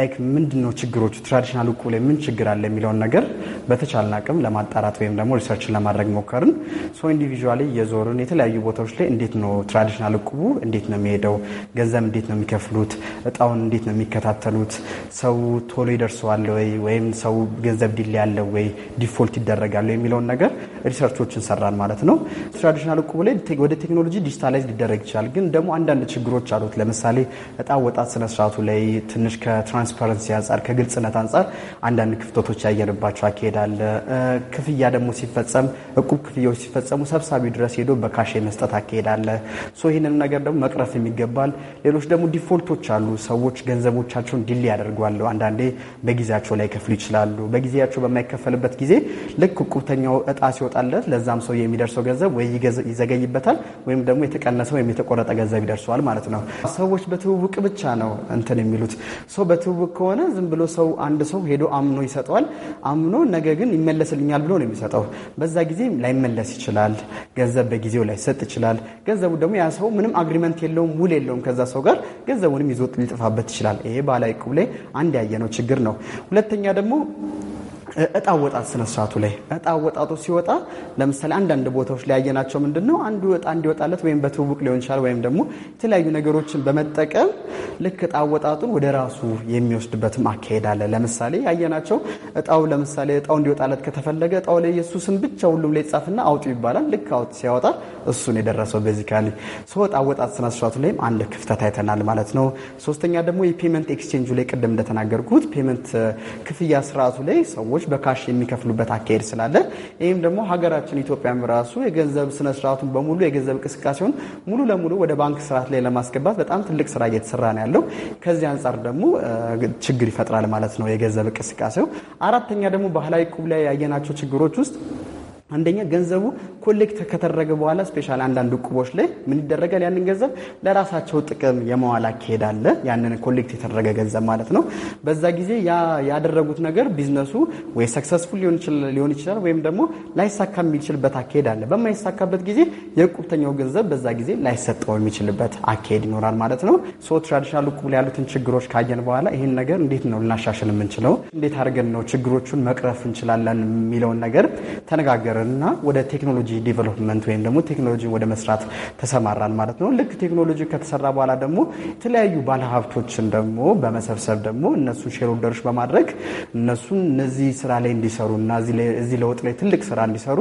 ላይክ ምንድን ነው ችግሮቹ፣ ትራዲሽናል እቁብ ላይ ምን ችግር አለ የሚለውን ነገር በተቻለን አቅም ለማጣራት ወይም ደግሞ ሪሰርችን ለማድረግ ሞከርን። ሶ ኢንዲቪዥዋሊ እየዞርን የተለያዩ ቦታዎች ላይ እንዴት ነው ትራዲሽናል እቁቡ እንዴት ነው የሚሄደው፣ ገንዘብ እንዴት ነው የሚከፍሉት፣ እጣውን እንዴት ነው የሚከታተሉት ሰው ቶሎ ይደርሰዋል ወይ ወይም ሰው ገንዘብ ዲል ያለ ወይ ዲፎልት ይደረጋል የሚለውን ነገር ሪሰርቾችን ሰራን ማለት ነው። ትራዲሽናል እቁብ ላይ ወደ ቴክኖሎጂ ዲጂታላይዝ ሊደረግ ይችላል፣ ግን ደግሞ አንዳንድ ችግሮች አሉት። ለምሳሌ እጣ ወጣት ስነስርዓቱ ላይ ትንሽ ከትራንስፓረንሲ አንጻር ከግልጽነት አንጻር አንዳንድ ክፍተቶች ያየንባቸው አካሄድ አለ። ክፍያ ደግሞ ሲፈጸም እቁብ ክፍያዎች ሲፈጸሙ ሰብሳቢው ድረስ ሄዶ በካሽ የመስጠት አካሄድ አለ። ይህንን ነገር ደግሞ መቅረፍ የሚገባል። ሌሎች ደግሞ ዲፎልቶች አሉ። ሰዎች ገንዘቦቻቸውን ዲል ያደርጋል አደርጓለሁ። አንዳንዴ በጊዜያቸው ላይ ከፍሉ ይችላሉ። በጊዜያቸው በማይከፈልበት ጊዜ ልክ ቁብተኛው እጣ ሲወጣለት ለዛም ሰው የሚደርሰው ገንዘብ ወይ ይዘገይበታል ወይም ደግሞ የተቀነሰ ወይም የተቆረጠ ገንዘብ ይደርሰዋል ማለት ነው። ሰዎች በትውውቅ ብቻ ነው እንትን የሚሉት ሰው በትውውቅ ከሆነ ዝም ብሎ ሰው አንድ ሰው ሄዶ አምኖ ይሰጠዋል። አምኖ ነገ ግን ይመለስልኛል ብሎ ነው የሚሰጠው። በዛ ጊዜ ላይመለስ ይችላል። ገንዘብ በጊዜው ላይሰጥ ይችላል። ገንዘቡ ደግሞ ያ ሰው ምንም አግሪመንት የለውም፣ ውል የለውም ከዛ ሰው ጋር ገንዘቡንም ይዞ ሊጥፋበት ይችላል። ይሄ ባህላዊ ዕቁብ ላይ አንድ ያየነው ችግር ነው። ሁለተኛ ደግሞ እጣ ወጣት ስነ ስርዓቱ ላይ እጣ ወጣቱ ሲወጣ ለምሳሌ አንዳንድ ቦታዎች ላይ ያየናቸው ምንድን ነው አንዱ እጣ እንዲወጣለት ወይም በትውውቅ ሊሆን ይችላል ወይም ደግሞ የተለያዩ ነገሮችን በመጠቀም ልክ እጣ ወጣቱን ወደ ራሱ የሚወስድበትም አካሄድ አለ። ለምሳሌ ያየናቸው እጣው ለምሳሌ እጣው እንዲወጣለት ከተፈለገ እጣው ላይ ኢየሱስን ብቻ ሁሉም ላይ ጻፍና አውጡ ይባላል። ልክ አውጥ ሲያወጣ እሱን የደረሰው በዚህ ካል ሰው እጣ ወጣት ስነ ስርዓቱ ላይም አንድ ክፍተት አይተናል ማለት ነው። ሶስተኛ ደግሞ የፔመንት ኤክስቼንጁ ላይ ቅድም እንደተናገርኩት ፔመንት ክፍያ ስርዓቱ ላይ ሰዎች በካሽ የሚከፍሉበት አካሄድ ስላለ ይህም ደግሞ ሀገራችን ኢትዮጵያም ራሱ የገንዘብ ስነስርዓቱን በሙሉ የገንዘብ እንቅስቃሴውን ሙሉ ለሙሉ ወደ ባንክ ስርዓት ላይ ለማስገባት በጣም ትልቅ ስራ እየተሰራ ነው ያለው። ከዚህ አንጻር ደግሞ ችግር ይፈጥራል ማለት ነው የገንዘብ እንቅስቃሴው። አራተኛ ደግሞ ባህላዊ ቁብ ላይ ያየናቸው ችግሮች ውስጥ አንደኛ ገንዘቡ ኮሌክት ከተደረገ በኋላ ስፔሻል አንዳንድ እቁቦች ላይ ምን ይደረጋል? ያንን ገንዘብ ለራሳቸው ጥቅም የመዋል አካሄድ አለ። ያንን ኮሌክት የተደረገ ገንዘብ ማለት ነው። በዛ ጊዜ ያደረጉት ነገር ቢዝነሱ ወይ ሰክሰስፉል ሊሆን ይችላል ወይም ደግሞ ላይሳካ የሚችልበት አካሄድ አለ። በማይሳካበት ጊዜ የእቁብተኛው ገንዘብ በዛ ጊዜ ላይሰጠው የሚችልበት አካሄድ ይኖራል ማለት ነው። ሶ ትራዲሽናል እቁብ ላይ ያሉትን ችግሮች ካየን በኋላ ይህን ነገር እንዴት ነው ልናሻሽል የምንችለው? እንዴት አድርገን ነው ችግሮቹን መቅረፍ እንችላለን የሚለውን ነገር ተነጋገረ ተማርንና ወደ ቴክኖሎጂ ዲቨሎፕመንት ወይም ደግሞ ቴክኖሎጂ ወደ መስራት ተሰማራን ማለት ነው። ልክ ቴክኖሎጂ ከተሰራ በኋላ ደግሞ የተለያዩ ባለሀብቶችን ደግሞ በመሰብሰብ ደግሞ እነሱ ሼርሆልደሮች በማድረግ እነሱን እነዚህ ስራ ላይ እንዲሰሩ እና እዚህ ለውጥ ላይ ትልቅ ስራ እንዲሰሩ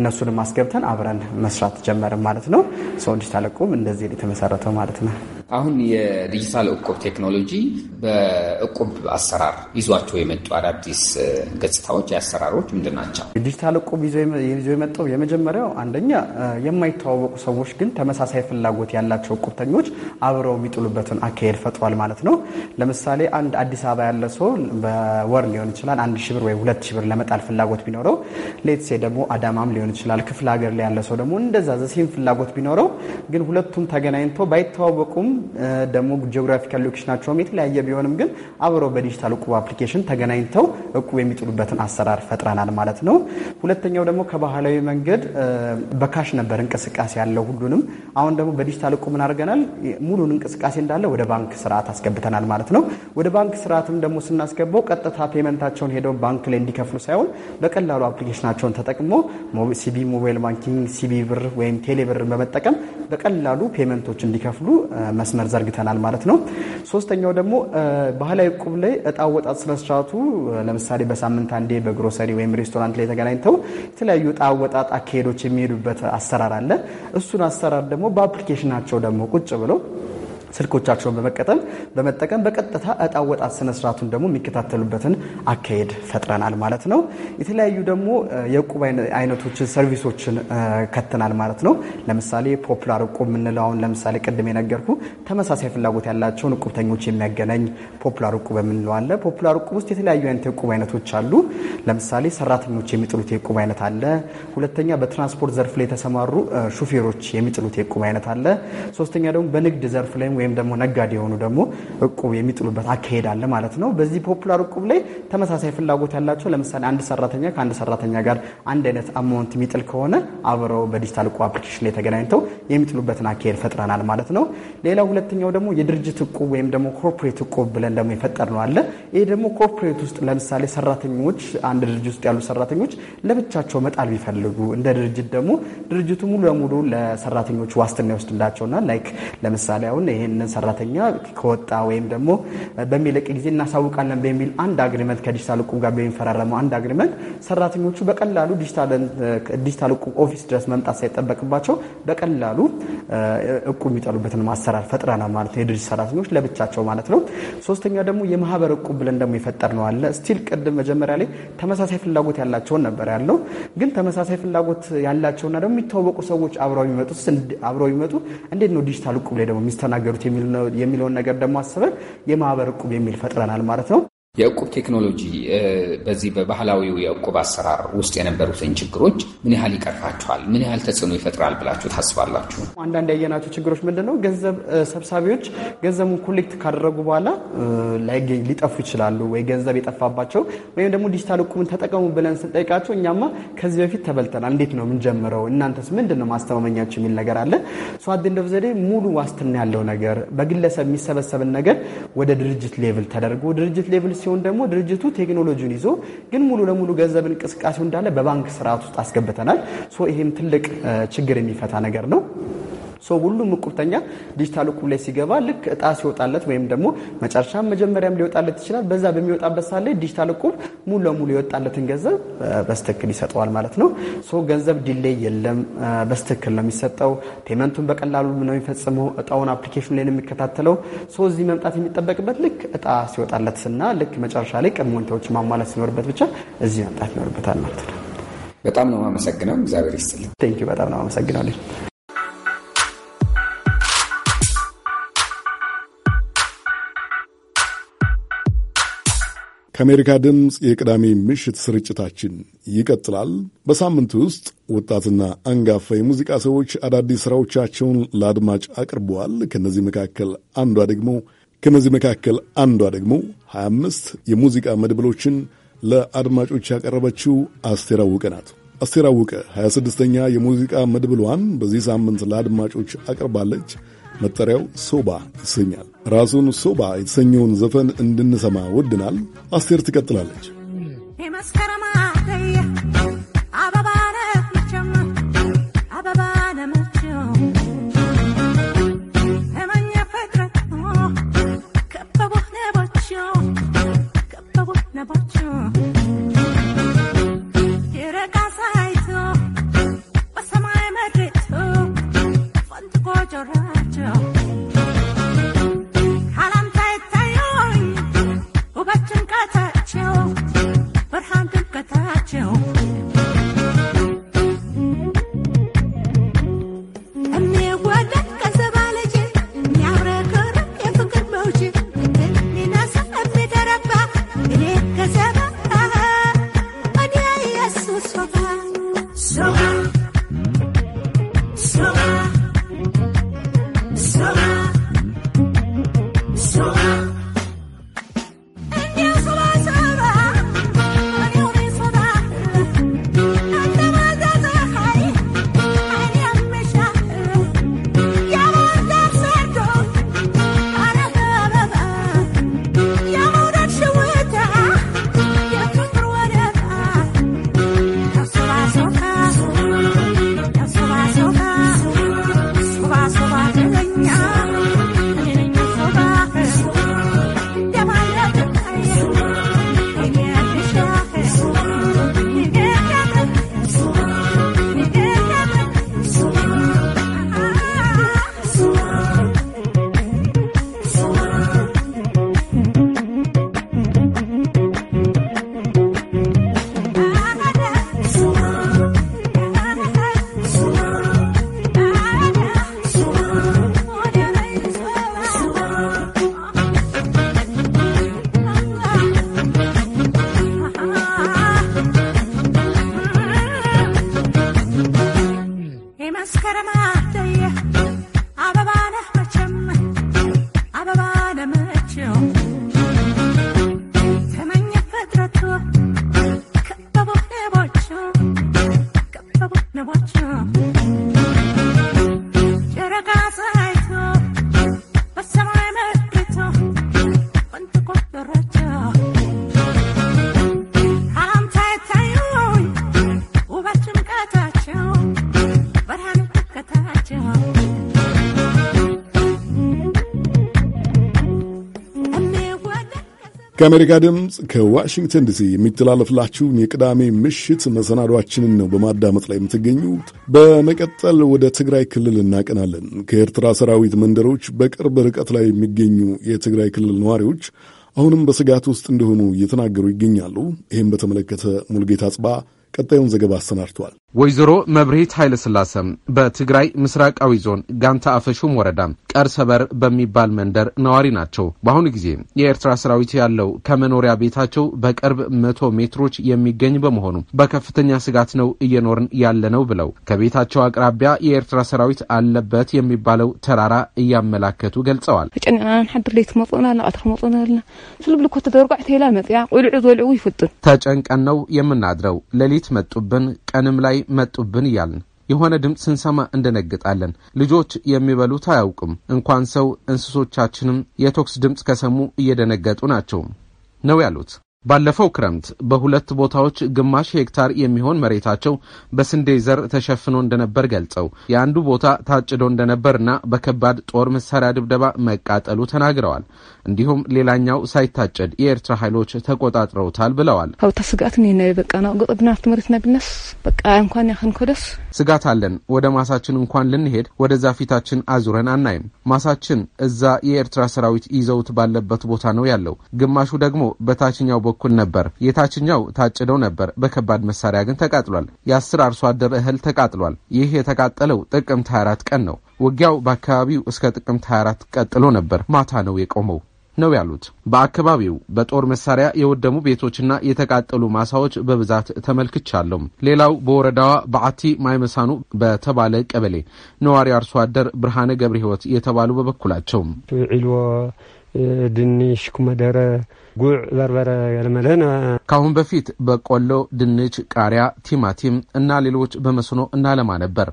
እነሱን ማስገብተን አብረን መስራት ጀመርን ማለት ነው። ሰው እንዲታለቁም እንደዚህ የተመሰረተው ማለት ነው። አሁን የዲጂታል እቁብ ቴክኖሎጂ በእቁብ አሰራር ይዟቸው የመጡ አዳዲስ ገጽታዎች የአሰራሮች ምንድን ናቸው? ዲጂታል እቁብ ይዞ የመጣው የመጀመሪያው አንደኛ የማይተዋወቁ ሰዎች ግን ተመሳሳይ ፍላጎት ያላቸው እቁብተኞች አብረው የሚጥሉበትን አካሄድ ፈጥሯል ማለት ነው። ለምሳሌ አንድ አዲስ አበባ ያለ ሰው በወር ሊሆን ይችላል አንድ ሺህ ብር ወይ ሁለት ሺህ ብር ለመጣል ፍላጎት ቢኖረው ሌትሴ ደግሞ አዳማም ሊሆን ይችላል ክፍለ ሀገር ላይ ያለ ሰው ደግሞ እንደዛ ዘሴም ፍላጎት ቢኖረው ግን ሁለቱም ተገናኝቶ ባይተዋወቁም ደግሞ ጂኦግራፊካል ሎኬሽናቸውም የተለያየ ቢሆንም ግን አብረው በዲጂታል እቁብ አፕሊኬሽን ተገናኝተው እቁብ የሚጥሉበትን አሰራር ፈጥረናል ማለት ነው። ሁለተኛው ደግሞ ከባህላዊ መንገድ በካሽ ነበር እንቅስቃሴ ያለው ሁሉንም። አሁን ደግሞ በዲጂታል እቁብ ምን አድርገናል? ሙሉን እንቅስቃሴ እንዳለ ወደ ባንክ ስርዓት አስገብተናል ማለት ነው። ወደ ባንክ ስርዓትም ደግሞ ስናስገባው ቀጥታ ፔመንታቸውን ሄደው ባንክ ላይ እንዲከፍሉ ሳይሆን በቀላሉ አፕሊኬሽናቸውን ተጠቅሞ ሲቢ ሞባይል ባንኪንግ፣ ሲቢ ብር ወይም ቴሌ ብር በመጠቀም በቀላሉ ፔመንቶች እንዲከፍሉ መስመር ዘርግተናል ማለት ነው። ሶስተኛው ደግሞ ባህላዊ ቁብ ላይ እጣ ወጣት ስነስርዓቱ ለምሳሌ በሳምንት አንዴ በግሮሰሪ ወይም ሬስቶራንት ላይ ተገናኝተው የተለያዩ እጣ ወጣት አካሄዶች የሚሄዱበት አሰራር አለ። እሱን አሰራር ደግሞ በአፕሊኬሽናቸው ደግሞ ቁጭ ብለው ስልኮቻቸውን በመቀጠል በመጠቀም በቀጥታ እጣ ወጣት ስነስርዓቱን ደግሞ የሚከታተሉበትን አካሄድ ፈጥረናል ማለት ነው። የተለያዩ ደግሞ የዕቁብ አይነቶችን ሰርቪሶችን ከትናል ማለት ነው። ለምሳሌ ፖፕላር ዕቁብ የምንለው ለምሳሌ ቅድም የነገርኩ ተመሳሳይ ፍላጎት ያላቸውን ቁብተኞች የሚያገናኝ ፖፕላር ዕቁብ የምንለው አለ። ፖፕላር ዕቁብ ውስጥ የተለያዩ አይነት የዕቁብ አይነቶች አሉ። ለምሳሌ ሰራተኞች የሚጥሉት የቁብ አይነት አለ። ሁለተኛ በትራንስፖርት ዘርፍ ላይ የተሰማሩ ሹፌሮች የሚጥሉት የቁብ አይነት አለ። ሶስተኛ ደግሞ በንግድ ዘርፍ ላይ ወይም ደግሞ ነጋዴ የሆኑ ደግሞ እቁብ የሚጥሉበት አካሄድ አለ ማለት ነው። በዚህ ፖፑላር እቁብ ላይ ተመሳሳይ ፍላጎት ያላቸው ለምሳሌ አንድ ሰራተኛ ከአንድ ሰራተኛ ጋር አንድ አይነት አማውንት የሚጥል ከሆነ አብረው በዲጂታል እቁብ አፕሊኬሽን ላይ ተገናኝተው የሚጥሉበትን አካሄድ ፈጥረናል ማለት ነው። ሌላው ሁለተኛው ደግሞ የድርጅት እቁብ ወይም ደግሞ ኮርፖሬት እቁብ ብለን ደግሞ የፈጠር ነው አለ። ይህ ደግሞ ኮርፖሬት ውስጥ ለምሳሌ ሰራተኞች አንድ ድርጅት ውስጥ ያሉ ሰራተኞች ለብቻቸው መጣል ቢፈልጉ እንደ ድርጅት ደግሞ ድርጅቱ ሙሉ ለሙሉ ለሰራተኞች ዋስትና ይወስድላቸውና ላይክ ለምሳሌ አሁን ይሄ ይህንን ሰራተኛ ከወጣ ወይም ደግሞ በሚለቅ ጊዜ እናሳውቃለን በሚል አንድ አግሪመንት ከዲጂታል እቁብ ጋር በሚፈራረመው አንድ አግሪመንት ሰራተኞቹ በቀላሉ ዲጂታል እቁብ ኦፊስ ድረስ መምጣት ሳይጠበቅባቸው በቀላሉ እቁብ የሚጠሉበትን ማሰራር ፈጥረናል ማለት ነው። የድርጅት ሰራተኞች ለብቻቸው ማለት ነው። ሶስተኛ ደግሞ የማህበር እቁብ ብለን ደግሞ የፈጠር ነው አለ ስቲል ቅድም መጀመሪያ ላይ ተመሳሳይ ፍላጎት ያላቸውን ነበር ያለው። ግን ተመሳሳይ ፍላጎት ያላቸውና ደግሞ የሚታወቁ ሰዎች አብረው የሚመጡ እንዴት ነው ዲጂታል እቁብ ላይ ደግሞ የሚስተናገዱ የሚለውን ነገር ደግሞ አስበን የማህበር እቁብ የሚል ፈጥረናል ማለት ነው። የእቁብ ቴክኖሎጂ በዚህ በባህላዊው የእቁብ አሰራር ውስጥ የነበሩትን ችግሮች ምን ያህል ይቀርፋቸዋል ምን ያህል ተጽዕኖ ይፈጥራል ብላችሁ ታስባላችሁ? አንዳንድ ያየናቸው ችግሮች ምንድን ነው? ገንዘብ ሰብሳቢዎች ገንዘቡን ኮሌክት ካደረጉ በኋላ ላይገኝ ሊጠፉ ይችላሉ ወይ ገንዘብ የጠፋባቸው ወይም ደግሞ ዲጂታል እቁብን ተጠቀሙ ብለን ስንጠይቃቸው እኛማ ከዚህ በፊት ተበልተናል፣ እንዴት ነው የምንጀምረው? እናንተስ ምንድን ነው ማስተማመኛቸው የሚል ነገር አለ። ሰዋድንደብ ዘዴ ሙሉ ዋስትና ያለው ነገር በግለሰብ የሚሰበሰብን ነገር ወደ ድርጅት ሌቭል ተደርጎ ድርጅት ሌቭል ሲሆን ደግሞ ድርጅቱ ቴክኖሎጂውን ይዞ ግን ሙሉ ለሙሉ ገንዘብ እንቅስቃሴው እንዳለ በባንክ ስርዓት ውስጥ አስገብተናል። ይሄም ትልቅ ችግር የሚፈታ ነገር ነው። ሰው ሁሉም እቁብተኛ ዲጂታል እቁብ ላይ ሲገባ ልክ እጣ ሲወጣለት ወይም ደግሞ መጨረሻ መጀመሪያም ሊወጣለት ይችላል። በዛ በሚወጣበት ላይ ዲጂታል እቁብ ሙሉ ለሙሉ የወጣለትን ገንዘብ በስትክል ይሰጠዋል ማለት ነው። ገንዘብ ዲሌይ የለም፣ በስትክል ነው የሚሰጠው። ፔመንቱን በቀላሉ ነው የሚፈጽመው። እጣውን አፕሊኬሽን ላይ ነው የሚከታተለው። ሰው እዚህ መምጣት የሚጠበቅበት ልክ እጣ ሲወጣለትና ልክ መጨረሻ ላይ ቅድመ ሁኔታዎች ማሟላት ሲኖርበት ብቻ እዚህ መምጣት ይኖርበታል ማለት ነው። በጣም ነው የማመሰግነው። እግዚአብሔር ይስጥልኝ። ቴንኪው። በጣም ነው የማመሰግነው። ከአሜሪካ ድምፅ የቅዳሜ ምሽት ስርጭታችን ይቀጥላል። በሳምንት ውስጥ ወጣትና አንጋፋ የሙዚቃ ሰዎች አዳዲስ ሥራዎቻቸውን ለአድማጭ አቅርበዋል። ከነዚህ መካከል አንዷ ደግሞ ከነዚህ መካከል አንዷ ደግሞ 25 የሙዚቃ መድብሎችን ለአድማጮች ያቀረበችው አስቴር አወቀ ናት። አስቴር አወቀ 26ኛ የሙዚቃ መድብሏን በዚህ ሳምንት ለአድማጮች አቅርባለች። መጠሪያው ሶባ ይሰኛል። ራሱን ሶባ የተሰኘውን ዘፈን እንድንሰማ ወድናል። አስቴር ትቀጥላለች። About you. ካላምታ ይታየኝ ውበችን ቀታቸው ብርሃን ድምቀታቸው 嘎子。ከአሜሪካ ድምፅ ከዋሽንግተን ዲሲ የሚተላለፍላችሁን የቅዳሜ ምሽት መሰናዷችንን ነው በማዳመጥ ላይ የምትገኙት። በመቀጠል ወደ ትግራይ ክልል እናቀናለን። ከኤርትራ ሰራዊት መንደሮች በቅርብ ርቀት ላይ የሚገኙ የትግራይ ክልል ነዋሪዎች አሁንም በስጋት ውስጥ እንደሆኑ እየተናገሩ ይገኛሉ። ይህም በተመለከተ ሙልጌታ ጽባ ቀጣዩን ዘገባ አሰናድቷል። ወይዘሮ መብርሂት ኃይለሥላሴም በትግራይ ምስራቃዊ ዞን ጋንታ አፈሹም ወረዳ ቀርሰበር በሚባል መንደር ነዋሪ ናቸው። በአሁኑ ጊዜ የኤርትራ ሰራዊት ያለው ከመኖሪያ ቤታቸው በቅርብ መቶ ሜትሮች የሚገኝ በመሆኑ በከፍተኛ ስጋት ነው እየኖርን ያለነው ብለው ከቤታቸው አቅራቢያ የኤርትራ ሰራዊት አለበት የሚባለው ተራራ እያመላከቱ ገልጸዋል። ለና ስልብል ኮ ተደርጓዕ ዘልዑ ይፍጥን ተጨንቀን ነው የምናድረው። ሌሊት መጡብን ቀንም ላይ መጡብን እያልን የሆነ ድምፅ ስንሰማ እንደነግጣለን። ልጆች የሚበሉት አያውቁም እንኳን ሰው እንስሶቻችንም የቶክስ ድምፅ ከሰሙ እየደነገጡ ናቸው ነው ያሉት። ባለፈው ክረምት በሁለት ቦታዎች ግማሽ ሄክታር የሚሆን መሬታቸው በስንዴ ዘር ተሸፍኖ እንደነበር ገልጸው የአንዱ ቦታ ታጭዶ እንደነበርና በከባድ ጦር መሳሪያ ድብደባ መቃጠሉ ተናግረዋል። እንዲሁም ሌላኛው ሳይታጨድ የኤርትራ ኃይሎች ተቆጣጥረውታል ብለዋል። ካብታ ስጋት በቃ በቃ እንኳን ኮደስ ስጋት አለን። ወደ ማሳችን እንኳን ልንሄድ ወደዛ ፊታችን አዙረን አናይም። ማሳችን እዛ የኤርትራ ሰራዊት ይዘውት ባለበት ቦታ ነው ያለው። ግማሹ ደግሞ በታችኛው በኩል ነበር። የታችኛው ታጭደው ነበር። በከባድ መሳሪያ ግን ተቃጥሏል። የአስር አርሶ አደር እህል ተቃጥሏል። ይህ የተቃጠለው ጥቅምት 24 ቀን ነው። ውጊያው በአካባቢው እስከ ጥቅምት 24 ቀጥሎ ነበር። ማታ ነው የቆመው ነው ያሉት። በአካባቢው በጦር መሳሪያ የወደሙ ቤቶችና የተቃጠሉ ማሳዎች በብዛት ተመልክቻለሁ። ሌላው በወረዳዋ በአቲ ማይመሳኑ በተባለ ቀበሌ ነዋሪ አርሶ አደር ብርሃነ ገብረ ሕይወት የተባሉ በበኩላቸው ዒልዎ ድንሽ ኩመደረ ጉዕ በርበረ የለመለን ከአሁን በፊት በቆሎ፣ ድንች፣ ቃሪያ፣ ቲማቲም እና ሌሎች በመስኖ እናለማ ነበር።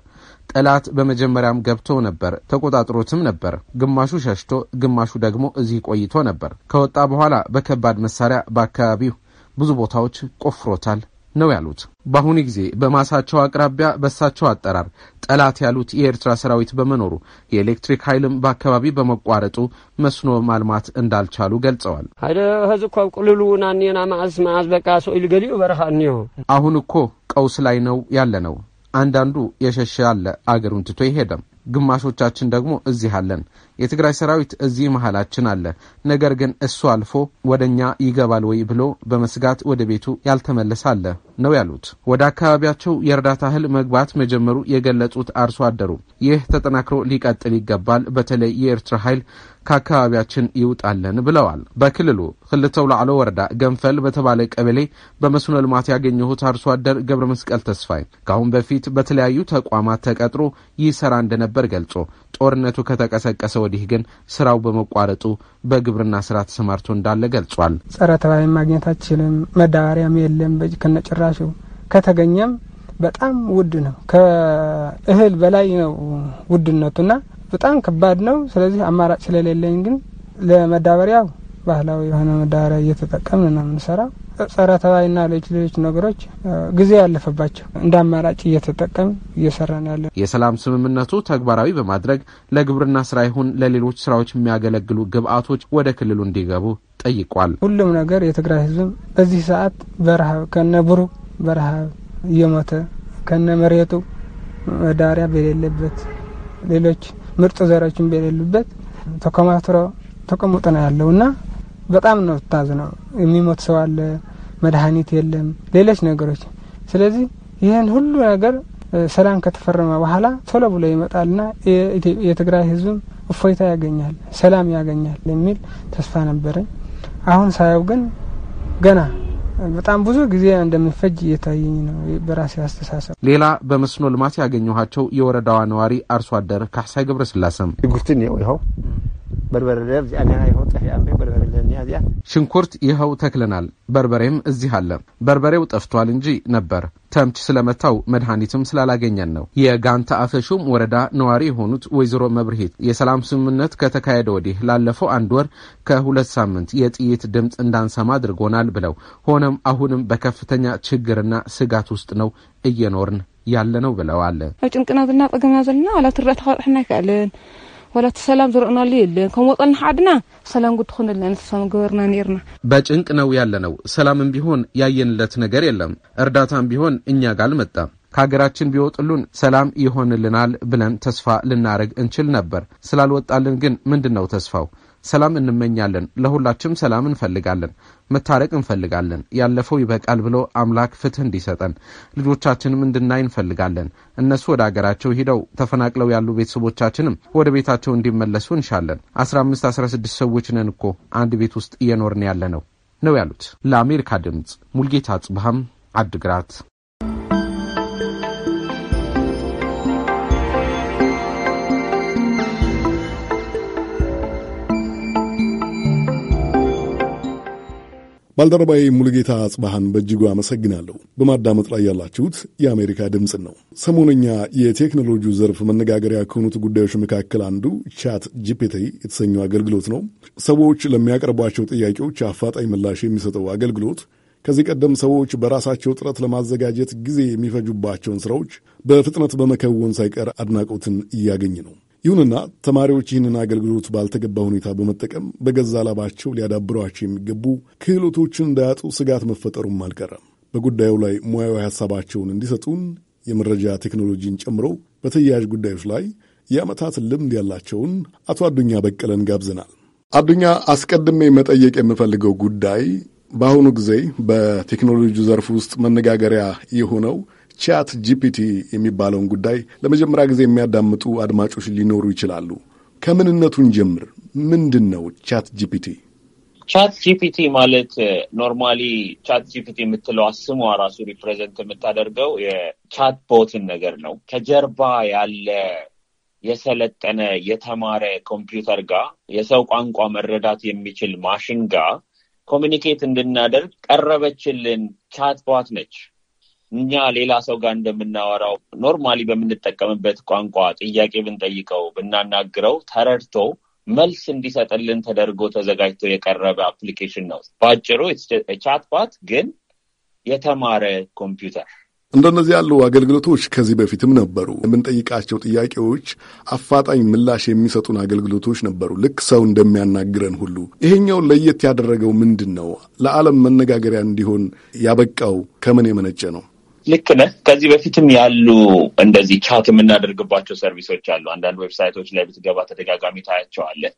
ጠላት በመጀመሪያም ገብቶ ነበር፣ ተቆጣጥሮትም ነበር። ግማሹ ሸሽቶ፣ ግማሹ ደግሞ እዚህ ቆይቶ ነበር። ከወጣ በኋላ በከባድ መሳሪያ በአካባቢው ብዙ ቦታዎች ቆፍሮታል ነው ያሉት። በአሁኑ ጊዜ በማሳቸው አቅራቢያ በሳቸው አጠራር ጠላት ያሉት የኤርትራ ሰራዊት በመኖሩ የኤሌክትሪክ ኃይልም በአካባቢ በመቋረጡ መስኖ ማልማት እንዳልቻሉ ገልጸዋል። ሀይደ ህዝ እኳ ቁልሉ ናኔና ማዓዝ ማዓዝ በቃ ሰው ኢልገሊዮ በረኻ እኒሆ አሁን እኮ ቀውስ ላይ ነው ያለ ነው። አንዳንዱ የሸሸ አለ አገሩን ትቶ ይሄደም ግማሾቻችን ደግሞ እዚህ አለን። የትግራይ ሰራዊት እዚህ መሀላችን አለ። ነገር ግን እሱ አልፎ ወደ እኛ ይገባል ወይ ብሎ በመስጋት ወደ ቤቱ ያልተመለሰ አለ ነው ያሉት። ወደ አካባቢያቸው የእርዳታ እህል መግባት መጀመሩ የገለጹት አርሶ አደሩ ይህ ተጠናክሮ ሊቀጥል ይገባል። በተለይ የኤርትራ ኃይል ከአካባቢያችን ይውጣለን ብለዋል። በክልሉ ክልተው ላዕሎ ወረዳ ገንፈል በተባለ ቀበሌ በመስኖ ልማት ያገኘሁት አርሶ አደር ገብረ መስቀል ተስፋይ ከአሁን በፊት በተለያዩ ተቋማት ተቀጥሮ ይሰራ እንደነበር ገልጾ ጦርነቱ ከተቀሰቀሰ ወዲህ ግን ስራው በመቋረጡ በግብርና ስራ ተሰማርቶ እንዳለ ገልጿል። ጸረ ተባይ ማግኘት አችልም፣ መዳበሪያም የለም በጅ ከነጭራሹ ከተገኘም በጣም ውድ ነው። ከእህል በላይ ነው ውድነቱና በጣም ከባድ ነው። ስለዚህ አማራጭ ስለሌለኝ ግን ለመዳበሪያው ባህላዊ የሆነ መዳበሪያ እየተጠቀምን ነው የምንሰራው። ጸረ ተባይና ሌሎች ሌሎች ነገሮች ጊዜ ያለፈባቸው እንደ አማራጭ እየተጠቀም እየሰራን ያለ የሰላም ስምምነቱ ተግባራዊ በማድረግ ለግብርና ስራ ይሁን ለሌሎች ስራዎች የሚያገለግሉ ግብአቶች ወደ ክልሉ እንዲገቡ ጠይቋል። ሁሉም ነገር የትግራይ ህዝብም በዚህ ሰዓት በረሃብ ከነ ብሩ በረሃብ እየሞተ ከነ መሬቱ መዳበሪያ በሌለበት ሌሎች ምርጥ ዘሮችን በሌሉበት ተኮማትሮ ተቀምጦ ነው ያለው እና በጣም ነው ታዝ ነው የሚሞት ሰው አለ፣ መድኃኒት የለም፣ ሌሎች ነገሮች። ስለዚህ ይህን ሁሉ ነገር ሰላም ከተፈረመ በኋላ ቶሎ ብሎ ይመጣልና የትግራይ ህዝብም እፎይታ ያገኛል፣ ሰላም ያገኛል የሚል ተስፋ ነበረኝ። አሁን ሳየው ግን ገና በጣም ብዙ ጊዜ እንደምፈጅ እየታየኝ ነው በራሴ አስተሳሰብ። ሌላ በመስኖ ልማት ያገኘኋቸው የወረዳዋ ነዋሪ አርሶ አደር ካሳይ ገብረስላሰም ሽንኩርት ይኸው ተክለናል። በርበሬም እዚህ አለ። በርበሬው ጠፍቷል እንጂ ነበር። ተምች ስለመታው መድኃኒትም ስላላገኘን ነው። የጋንታ አፈሹም ወረዳ ነዋሪ የሆኑት ወይዘሮ መብርሂት የሰላም ስምምነት ከተካሄደ ወዲህ ላለፈው አንድ ወር ከሁለት ሳምንት የጥይት ድምፅ እንዳንሰማ አድርጎናል ብለው ሆነም አሁንም በከፍተኛ ችግርና ስጋት ውስጥ ነው እየኖርን ያለ ነው ብለዋል። ጭንቅና ዝና ዘለና ዋላ ትረአ ይክእልን ወላቲ ሰላም ዝረአናሉ የለን ከም ወፀና ሓድና ሰላም ጉድ ንስም ገበርና ነርና በጭንቅ ነው ያለነው። ሰላምም ቢሆን ያየንለት ነገር የለም። እርዳታም ቢሆን እኛ ጋር አልመጣም። ከሀገራችን ቢወጥሉን ሰላም ይሆንልናል ብለን ተስፋ ልናደርግ እንችል ነበር። ስላልወጣልን ግን ምንድን ነው ተስፋው? ሰላም እንመኛለን። ለሁላችም ሰላም እንፈልጋለን። መታረቅ እንፈልጋለን። ያለፈው ይበቃል ብሎ አምላክ ፍትህ እንዲሰጠን፣ ልጆቻችንም እንድናይ እንፈልጋለን። እነሱ ወደ አገራቸው ሂደው ተፈናቅለው ያሉ ቤተሰቦቻችንም ወደ ቤታቸው እንዲመለሱ እንሻለን። 15 16 ሰዎች ነን እኮ አንድ ቤት ውስጥ እየኖርን ያለ ነው ነው ያሉት። ለአሜሪካ ድምፅ ሙልጌታ አጽብሃም አድግራት ባልደረባዬ ሙሉጌታ አጽባሃን በእጅጉ አመሰግናለሁ። በማዳመጥ ላይ ያላችሁት የአሜሪካ ድምፅን ነው። ሰሞነኛ የቴክኖሎጂው ዘርፍ መነጋገሪያ ከሆኑት ጉዳዮች መካከል አንዱ ቻት ጂፒቲ የተሰኘው አገልግሎት ነው። ሰዎች ለሚያቀርቧቸው ጥያቄዎች አፋጣኝ ምላሽ የሚሰጠው አገልግሎት ከዚህ ቀደም ሰዎች በራሳቸው ጥረት ለማዘጋጀት ጊዜ የሚፈጁባቸውን ስራዎች በፍጥነት በመከወን ሳይቀር አድናቆትን እያገኝ ነው። ይሁንና ተማሪዎች ይህንን አገልግሎት ባልተገባ ሁኔታ በመጠቀም በገዛ ላባቸው ሊያዳብሯቸው የሚገቡ ክህሎቶችን እንዳያጡ ስጋት መፈጠሩም አልቀረም። በጉዳዩ ላይ ሙያዊ ሀሳባቸውን እንዲሰጡን የመረጃ ቴክኖሎጂን ጨምሮ በተያያዥ ጉዳዮች ላይ የዓመታት ልምድ ያላቸውን አቶ አዱኛ በቀለን ጋብዘናል። አዱኛ፣ አስቀድሜ መጠየቅ የምፈልገው ጉዳይ በአሁኑ ጊዜ በቴክኖሎጂ ዘርፍ ውስጥ መነጋገሪያ የሆነው ቻት ጂፒቲ የሚባለውን ጉዳይ ለመጀመሪያ ጊዜ የሚያዳምጡ አድማጮች ሊኖሩ ይችላሉ። ከምንነቱን ጀምር፣ ምንድን ነው ቻት ጂፒቲ? ቻት ጂፒቲ ማለት ኖርማሊ ቻት ጂፒቲ የምትለው ስሟ ራሱ ሪፕሬዘንት የምታደርገው የቻት ቦትን ነገር ነው። ከጀርባ ያለ የሰለጠነ የተማረ ኮምፒውተር ጋር የሰው ቋንቋ መረዳት የሚችል ማሽን ጋር ኮሚኒኬት እንድናደርግ ቀረበችልን ቻት ቦት ነች። እኛ ሌላ ሰው ጋር እንደምናወራው ኖርማሊ በምንጠቀምበት ቋንቋ ጥያቄ ብንጠይቀው ብናናግረው ተረድቶ መልስ እንዲሰጥልን ተደርጎ ተዘጋጅቶ የቀረበ አፕሊኬሽን ነው። በአጭሩ ቻትባት ግን የተማረ ኮምፒውተር። እንደነዚህ ያሉ አገልግሎቶች ከዚህ በፊትም ነበሩ። የምንጠይቃቸው ጥያቄዎች አፋጣኝ ምላሽ የሚሰጡን አገልግሎቶች ነበሩ፣ ልክ ሰው እንደሚያናግረን ሁሉ። ይሄኛው ለየት ያደረገው ምንድን ነው? ለዓለም መነጋገሪያ እንዲሆን ያበቃው ከምን የመነጨ ነው? ልክ ነህ። ከዚህ በፊትም ያሉ እንደዚህ ቻት የምናደርግባቸው ሰርቪሶች አሉ። አንዳንድ ዌብሳይቶች ላይ ብትገባ ተደጋጋሚ ታያቸዋለህ።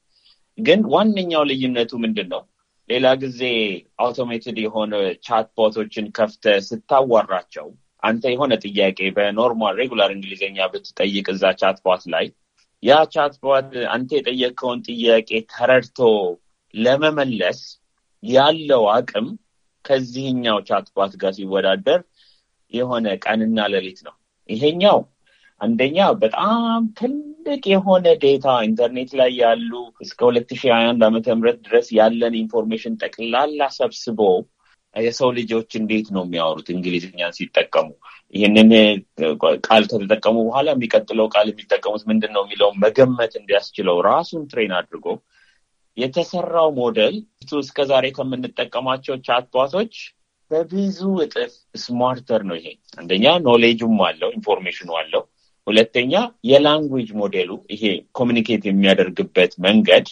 ግን ዋነኛው ልዩነቱ ምንድን ነው? ሌላ ጊዜ አውቶሜትድ የሆነ ቻት ቦቶችን ከፍተህ ስታዋራቸው አንተ የሆነ ጥያቄ በኖርማል ሬጉላር እንግሊዝኛ ብትጠይቅ እዛ ቻት ቦት ላይ ያ ቻት ቦት አንተ የጠየቀውን ጥያቄ ተረድቶ ለመመለስ ያለው አቅም ከዚህኛው ቻት ቦት ጋር ሲወዳደር የሆነ ቀንና ሌሊት ነው። ይሄኛው አንደኛ በጣም ትልቅ የሆነ ዴታ ኢንተርኔት ላይ ያሉ እስከ ሁለት ሺህ ሀያ አንድ ዓመተ ምህረት ድረስ ያለን ኢንፎርሜሽን ጠቅላላ ሰብስቦ የሰው ልጆች እንዴት ነው የሚያወሩት እንግሊዝኛን ሲጠቀሙ ይህንን ቃል ከተጠቀሙ በኋላ የሚቀጥለው ቃል የሚጠቀሙት ምንድን ነው የሚለው መገመት እንዲያስችለው ራሱን ትሬን አድርጎ የተሰራው ሞዴል እስከ ዛሬ ከምንጠቀማቸው ቻትቧቶች በብዙ እጥፍ ስማርተር ነው። ይሄ አንደኛ ኖሌጅም አለው ኢንፎርሜሽኑ አለው። ሁለተኛ የላንጉጅ ሞዴሉ ይሄ ኮሚኒኬት የሚያደርግበት መንገድ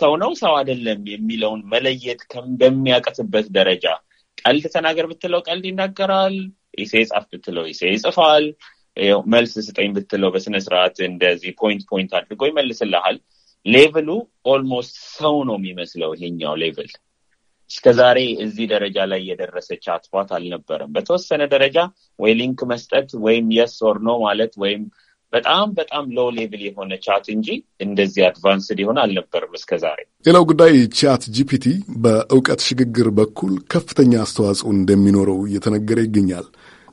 ሰው ነው ሰው አይደለም የሚለውን መለየት በሚያቀስበት ደረጃ ቀልድ ተናገር ብትለው ቀልድ ይናገራል። ኢሴ ጻፍ ብትለው ኢሴ ይጽፋል። መልስ ስጠኝ ብትለው በስነስርዓት እንደዚህ ፖይንት ፖይንት አድርጎ ይመልስልሃል። ሌቭሉ ኦልሞስት ሰው ነው የሚመስለው ይሄኛው ሌቭል እስከዛሬ እዚህ ደረጃ ላይ የደረሰች አትፏት አልነበረም። በተወሰነ ደረጃ ወይ ሊንክ መስጠት ወይም የስ ኦር ኖ ማለት ወይም በጣም በጣም ሎው ሌቭል የሆነ ቻት እንጂ እንደዚህ አድቫንስድ የሆነ አልነበርም እስከ ዛሬ። ሌላው ጉዳይ ቻት ጂፒቲ በእውቀት ሽግግር በኩል ከፍተኛ አስተዋጽኦ እንደሚኖረው እየተነገረ ይገኛል።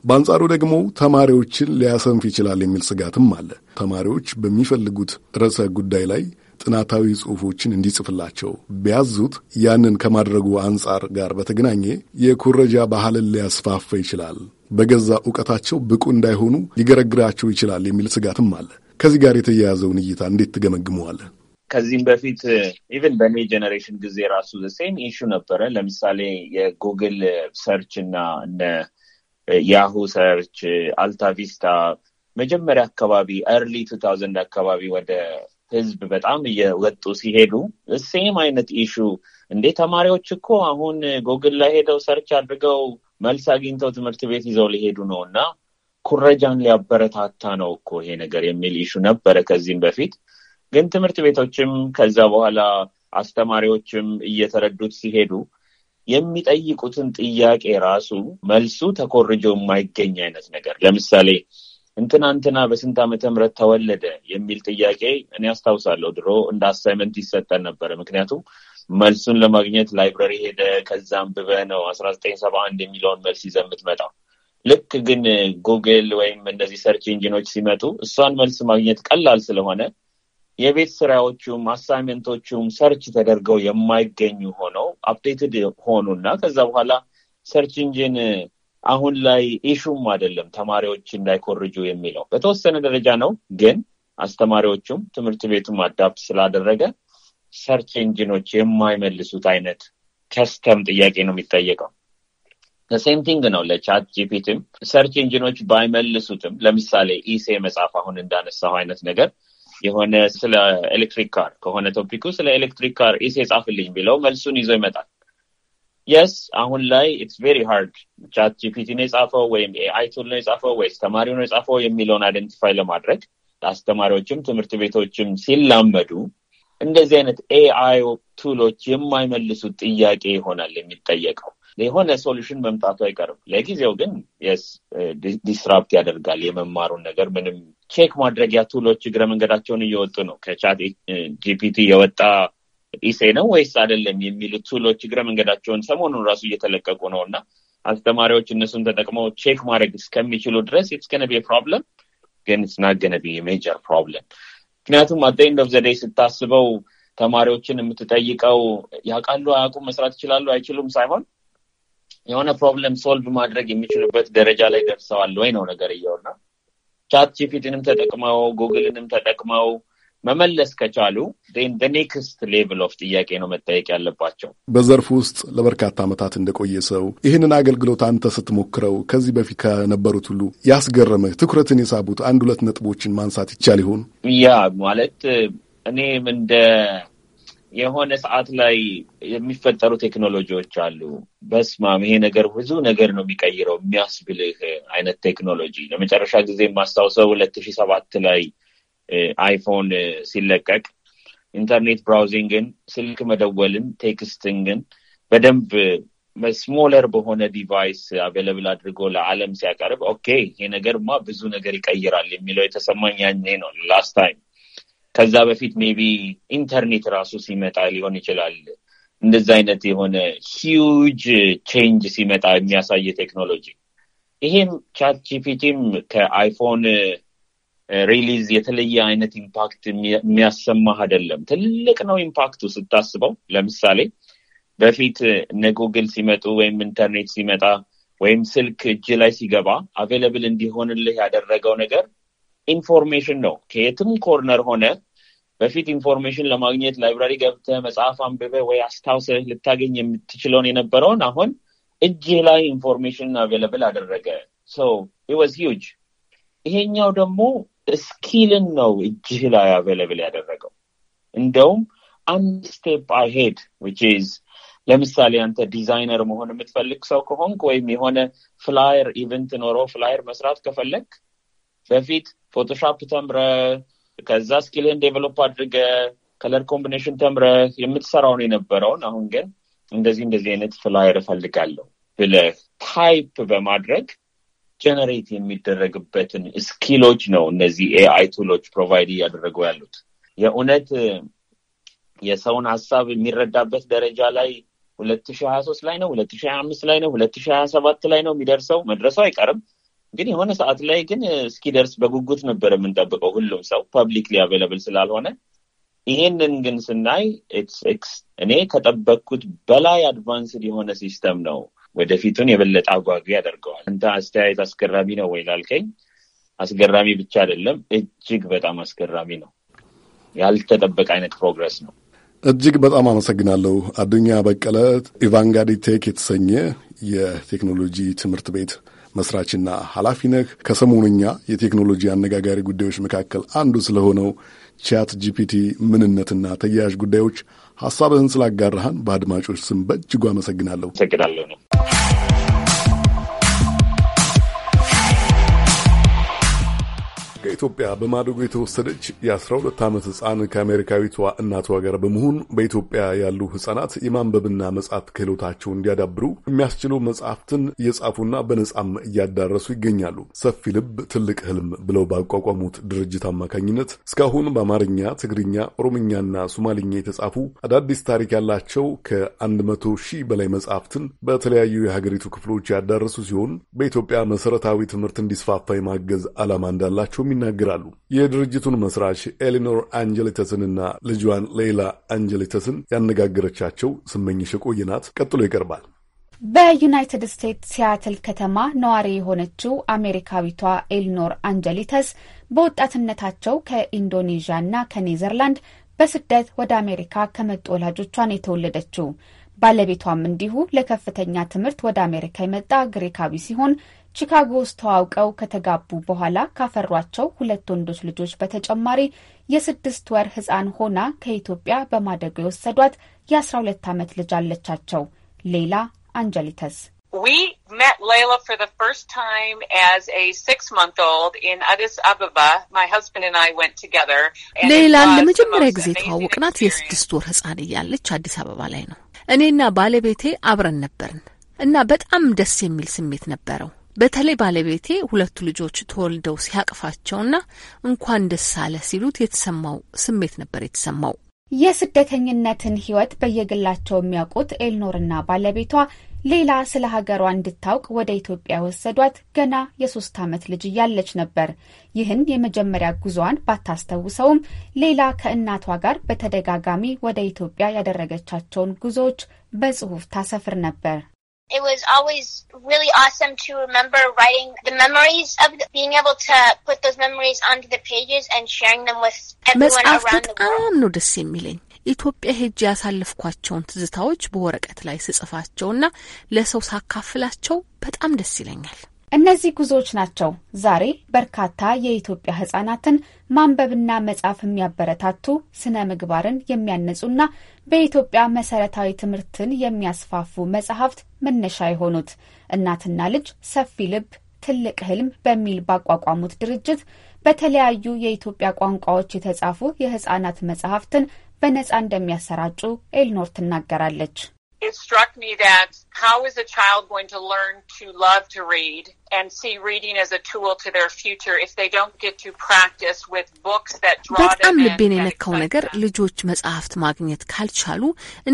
በአንጻሩ ደግሞ ተማሪዎችን ሊያሰንፍ ይችላል የሚል ስጋትም አለ። ተማሪዎች በሚፈልጉት ርዕሰ ጉዳይ ላይ ጥናታዊ ጽሑፎችን እንዲጽፍላቸው ቢያዙት ያንን ከማድረጉ አንጻር ጋር በተገናኘ የኩረጃ ባህልን ሊያስፋፋ ይችላል፣ በገዛ እውቀታቸው ብቁ እንዳይሆኑ ሊገረግራቸው ይችላል የሚል ስጋትም አለ። ከዚህ ጋር የተያያዘውን እይታ እንዴት ትገመግመዋለህ? ከዚህም በፊት ኢቨን በእኔ ጀኔሬሽን ጊዜ ራሱ ዘሴም ኢሹ ነበረ። ለምሳሌ የጉግል ሰርች እና እነ ያሁ ሰርች፣ አልታቪስታ መጀመሪያ አካባቢ ኤርሊ ቱ ታውዘንድ አካባቢ ወደ ህዝብ በጣም እየወጡ ሲሄዱ ሴም አይነት ኢሹ እንዴ ተማሪዎች እኮ አሁን ጎግል ላይ ሄደው ሰርች አድርገው መልስ አግኝተው ትምህርት ቤት ይዘው ሊሄዱ ነው እና ኩረጃን ሊያበረታታ ነው እኮ ይሄ ነገር የሚል ኢሹ ነበረ ከዚህም በፊት ግን ትምህርት ቤቶችም ከዛ በኋላ አስተማሪዎችም እየተረዱት ሲሄዱ የሚጠይቁትን ጥያቄ ራሱ መልሱ ተኮርጆ የማይገኝ አይነት ነገር ለምሳሌ እንትና እንትና በስንት ዓመተ ምህረት ተወለደ የሚል ጥያቄ እኔ አስታውሳለሁ ድሮ እንደ አሳይመንት ይሰጠን ነበረ። ምክንያቱም መልሱን ለማግኘት ላይብረሪ ሄደ ከዛም ብበ ነው አስራ ዘጠኝ ሰባ አንድ የሚለውን መልስ ይዘምት የምትመጣው። ልክ ግን ጉግል ወይም እነዚህ ሰርች ኢንጂኖች ሲመጡ እሷን መልስ ማግኘት ቀላል ስለሆነ የቤት ስራዎቹም አሳይመንቶቹም ሰርች ተደርገው የማይገኙ ሆነው አፕዴትድ ሆኑና ከዛ በኋላ ሰርች ኢንጂን አሁን ላይ ኢሹም አይደለም ተማሪዎች እንዳይኮርጁ የሚለው በተወሰነ ደረጃ ነው። ግን አስተማሪዎቹም ትምህርት ቤቱም አዳፕት ስላደረገ ሰርች ኢንጂኖች የማይመልሱት አይነት ከስተም ጥያቄ ነው የሚጠየቀው። ሴም ቲንግ ነው ለቻት ጂፒቲም ሰርች ኢንጂኖች ባይመልሱትም፣ ለምሳሌ ኢሴ መጽሐፍ አሁን እንዳነሳው አይነት ነገር የሆነ ስለ ኤሌክትሪክ ካር ከሆነ ቶፒኩ ስለ ኤሌክትሪክ ካር ኢሴ ጻፍልኝ ቢለው መልሱን ይዞ ይመጣል። የስ አሁን ላይ ኢትስ ቬሪ ሃርድ ቻት ጂፒቲ ነው የጻፈው ወይም ኤአይ ቱል ነው የጻፈው ወይስ ተማሪው ነው የጻፈው የሚለውን አይደንቲፋይ ለማድረግ አስተማሪዎችም ትምህርት ቤቶችም ሲላመዱ እንደዚህ አይነት ኤአይ ቱሎች የማይመልሱት ጥያቄ ይሆናል የሚጠየቀው። የሆነ ሶሉሽን መምጣቱ አይቀርም። ለጊዜው ግን የስ ዲስራፕት uh, ያደርጋል የመማሩን ነገር። ምንም ቼክ ማድረጊያ ቱሎች እግረ መንገዳቸውን እየወጡ ነው። ከቻት ጂፒቲ uh, የወጣ ኢሴ ነው ወይስ አይደለም የሚሉት ቱሎች እግረ መንገዳቸውን ሰሞኑን ራሱ እየተለቀቁ ነው እና አስተማሪዎች እነሱን ተጠቅመው ቼክ ማድረግ እስከሚችሉ ድረስ ኢትስ ፕሮብለም ግን ኢትስ ናት ሜጀር ፕሮብለም። ምክንያቱም አት ኤንድ ኦፍ ዘ ስታስበው ተማሪዎችን የምትጠይቀው ያውቃሉ አያውቁም፣ መስራት ይችላሉ አይችሉም ሳይሆን የሆነ ፕሮብለም ሶልቭ ማድረግ የሚችሉበት ደረጃ ላይ ደርሰዋል ወይ ነው ነገር እየውና ቻት ጂፒቲንም ተጠቅመው ጉግልንም ተጠቅመው መመለስ ከቻሉ ኔክስት ሌቭል ኦፍ ጥያቄ ነው መጠየቅ ያለባቸው። በዘርፉ ውስጥ ለበርካታ ዓመታት እንደቆየ ሰው ይህንን አገልግሎት አንተ ስትሞክረው ከዚህ በፊት ከነበሩት ሁሉ ያስገረመህ ትኩረትን የሳቡት አንድ ሁለት ነጥቦችን ማንሳት ይቻል ይሆን? ያ ማለት እኔም እንደ የሆነ ሰዓት ላይ የሚፈጠሩ ቴክኖሎጂዎች አሉ። በስማም ይሄ ነገር ብዙ ነገር ነው የሚቀይረው የሚያስብልህ አይነት ቴክኖሎጂ ለመጨረሻ ጊዜ የማስታውሰው ሁለት ሺህ ሰባት ላይ አይፎን ሲለቀቅ ኢንተርኔት ብራውዚንግን፣ ስልክ መደወልን፣ ቴክስቲንግን በደንብ ስሞለር በሆነ ዲቫይስ አቬለብል አድርጎ ለዓለም ሲያቀርብ ኦኬ ይሄ ነገርማ ብዙ ነገር ይቀይራል የሚለው የተሰማኝ ያኔ ነው። ላስት ታይም ከዛ በፊት ሜቢ ኢንተርኔት ራሱ ሲመጣ ሊሆን ይችላል እንደዛ አይነት የሆነ ሂውጅ ቼንጅ ሲመጣ የሚያሳይ ቴክኖሎጂ። ይሄም ቻት ጂፒቲም ከአይፎን ሪሊዝ የተለየ አይነት ኢምፓክት የሚያሰማህ አይደለም። ትልቅ ነው ኢምፓክቱ ስታስበው። ለምሳሌ በፊት እነ ጉግል ሲመጡ ወይም ኢንተርኔት ሲመጣ ወይም ስልክ እጅ ላይ ሲገባ አቬለብል እንዲሆንልህ ያደረገው ነገር ኢንፎርሜሽን ነው። ከየትም ኮርነር ሆነ በፊት ኢንፎርሜሽን ለማግኘት ላይብራሪ ገብተህ መጽሐፍ አንብበህ ወይ አስታውሰህ ልታገኝ የምትችለውን የነበረውን አሁን እጅህ ላይ ኢንፎርሜሽን አቬለብል አደረገ። ሶ ኢት ዋዝ ሂውጅ። ይሄኛው ደግሞ ስኪልን ነው እጅህ ላይ አቬለብል ያደረገው። እንደውም አንድ ስቴፕ አሄድ ዊች ኢዝ ለምሳሌ አንተ ዲዛይነር መሆን የምትፈልግ ሰው ከሆንክ ወይም የሆነ ፍላየር ኢቨንት ኖሮ ፍላየር መስራት ከፈለግ በፊት ፎቶሾፕ ተምረ ከዛ ስኪልን ዴቨሎፕ አድርገ ከለር ኮምቢኔሽን ተምረ የምትሰራውን የነበረውን። አሁን ግን እንደዚህ እንደዚህ አይነት ፍላየር እፈልጋለሁ ብለህ ታይፕ በማድረግ ጀነሬት የሚደረግበትን ስኪሎች ነው እነዚህ ኤአይ ቱሎች ፕሮቫይድ እያደረጉ ያሉት። የእውነት የሰውን ሀሳብ የሚረዳበት ደረጃ ላይ ሁለት ሺ ሀያ ሶስት ላይ ነው ሁለት ሺ ሀያ አምስት ላይ ነው ሁለት ሺ ሀያ ሰባት ላይ ነው የሚደርሰው። መድረሰው አይቀርም ግን የሆነ ሰዓት ላይ ግን እስኪደርስ በጉጉት ነበር የምንጠብቀው ሁሉም ሰው ፐብሊክሊ አቬለብል ስላልሆነ። ይሄንን ግን ስናይ እኔ ከጠበቅኩት በላይ አድቫንስድ የሆነ ሲስተም ነው ወደፊቱን የበለጠ አጓጊ ያደርገዋል። እንተ አስተያየት አስገራሚ ነው ወይ ላልከኝ፣ አስገራሚ ብቻ አይደለም፣ እጅግ በጣም አስገራሚ ነው። ያልተጠበቀ አይነት ፕሮግረስ ነው። እጅግ በጣም አመሰግናለሁ። አዱኛ በቀለ ኢቫንጋዲ ቴክ የተሰኘ የቴክኖሎጂ ትምህርት ቤት መስራችና ኃላፊ ነህ። ከሰሞኑኛ የቴክኖሎጂ አነጋጋሪ ጉዳዮች መካከል አንዱ ስለሆነው ቻት ጂፒቲ ምንነትና ተያያዥ ጉዳዮች ሀሳብህን ስላጋራሃን በአድማጮች ስም በእጅጉ አመሰግናለሁ። አመሰግናለሁ። ከኢትዮጵያ በማደጎ የተወሰደች የ12 ዓመት ሕፃን ከአሜሪካዊቷ እናቷ ጋር በመሆን በኢትዮጵያ ያሉ ሕፃናት የማንበብና መጻፍ ክህሎታቸው እንዲያዳብሩ የሚያስችሉ መጽሐፍትን እየጻፉና በነጻም እያዳረሱ ይገኛሉ። ሰፊ ልብ ትልቅ ህልም ብለው ባቋቋሙት ድርጅት አማካኝነት እስካሁን በአማርኛ፣ ትግርኛ፣ ኦሮምኛና ሶማሊኛ የተጻፉ አዳዲስ ታሪክ ያላቸው ከ100 ሺህ በላይ መጽሐፍትን በተለያዩ የሀገሪቱ ክፍሎች ያዳረሱ ሲሆን በኢትዮጵያ መሠረታዊ ትምህርት እንዲስፋፋ የማገዝ ዓላማ እንዳላቸው ይናገራሉ። የድርጅቱን መስራች ኤሊኖር አንጀሊተስንና ልጇን ሌላ አንጀሊተስን ያነጋገረቻቸው ስመኝሽ ቆይናት ቀጥሎ ይቀርባል። በዩናይትድ ስቴትስ ሲያትል ከተማ ነዋሪ የሆነችው አሜሪካዊቷ ኤሊኖር አንጀሊተስ በወጣትነታቸው ከኢንዶኔዥያና ከኔዘርላንድ በስደት ወደ አሜሪካ ከመጡ ወላጆቿን የተወለደችው ባለቤቷም እንዲሁ ለከፍተኛ ትምህርት ወደ አሜሪካ የመጣ ግሪካዊ ሲሆን ቺካጎ ውስጥ ተዋውቀው ከተጋቡ በኋላ ካፈሯቸው ሁለት ወንዶች ልጆች በተጨማሪ የስድስት ወር ሕፃን ሆና ከኢትዮጵያ በማደጉ የወሰዷት የአስራ ሁለት ዓመት ልጅ አለቻቸው። ሌላ አንጀሊተስ ሌላን ለመጀመሪያ ጊዜ ተዋወቅናት የስድስት ወር ህፃን እያለች አዲስ አበባ ላይ ነው። እኔና ባለቤቴ አብረን ነበርን እና በጣም ደስ የሚል ስሜት ነበረው። በተለይ ባለቤቴ ሁለቱ ልጆች ተወልደው ሲያቅፋቸውና እንኳን ደስ አለ ሲሉት የተሰማው ስሜት ነበር የተሰማው። የስደተኝነትን ህይወት በየግላቸው የሚያውቁት ኤልኖርና ባለቤቷ ሌላ ስለ ሀገሯ እንድታውቅ ወደ ኢትዮጵያ ወሰዷት። ገና የሶስት ዓመት ልጅ እያለች ነበር። ይህን የመጀመሪያ ጉዞዋን ባታስተውሰውም ሌላ ከእናቷ ጋር በተደጋጋሚ ወደ ኢትዮጵያ ያደረገቻቸውን ጉዞዎች በጽሑፍ ታሰፍር ነበር። it was always really awesome to remember writing the memories of being able to put those memories onto the pages and sharing them with everyone around the world. ነው ደስ የሚለኝ ኢትዮጵያ ሄጄ ያሳለፍኳቸውን ትዝታዎች በወረቀት ላይ ስጽፋቸውና ለሰው ሳካፍላቸው በጣም ደስ ይለኛል። እነዚህ ጉዞዎች ናቸው ዛሬ በርካታ የኢትዮጵያ ህጻናትን ማንበብና መጻፍ የሚያበረታቱ ስነ ምግባርን የሚያነጹና በኢትዮጵያ መሰረታዊ ትምህርትን የሚያስፋፉ መጽሐፍት መነሻ የሆኑት እናትና ልጅ ሰፊ ልብ ትልቅ ህልም በሚል ባቋቋሙት ድርጅት በተለያዩ የኢትዮጵያ ቋንቋዎች የተጻፉ የህጻናት መጽሐፍትን በነጻ እንደሚያሰራጩ ኤልኖር ትናገራለች። it struck me that how is a child going to learn to love to read and see reading as a tool to their future if they don't get to practice with books that draw በጣም ልቤን የነካው ነገር ልጆች መጽሐፍት ማግኘት ካልቻሉ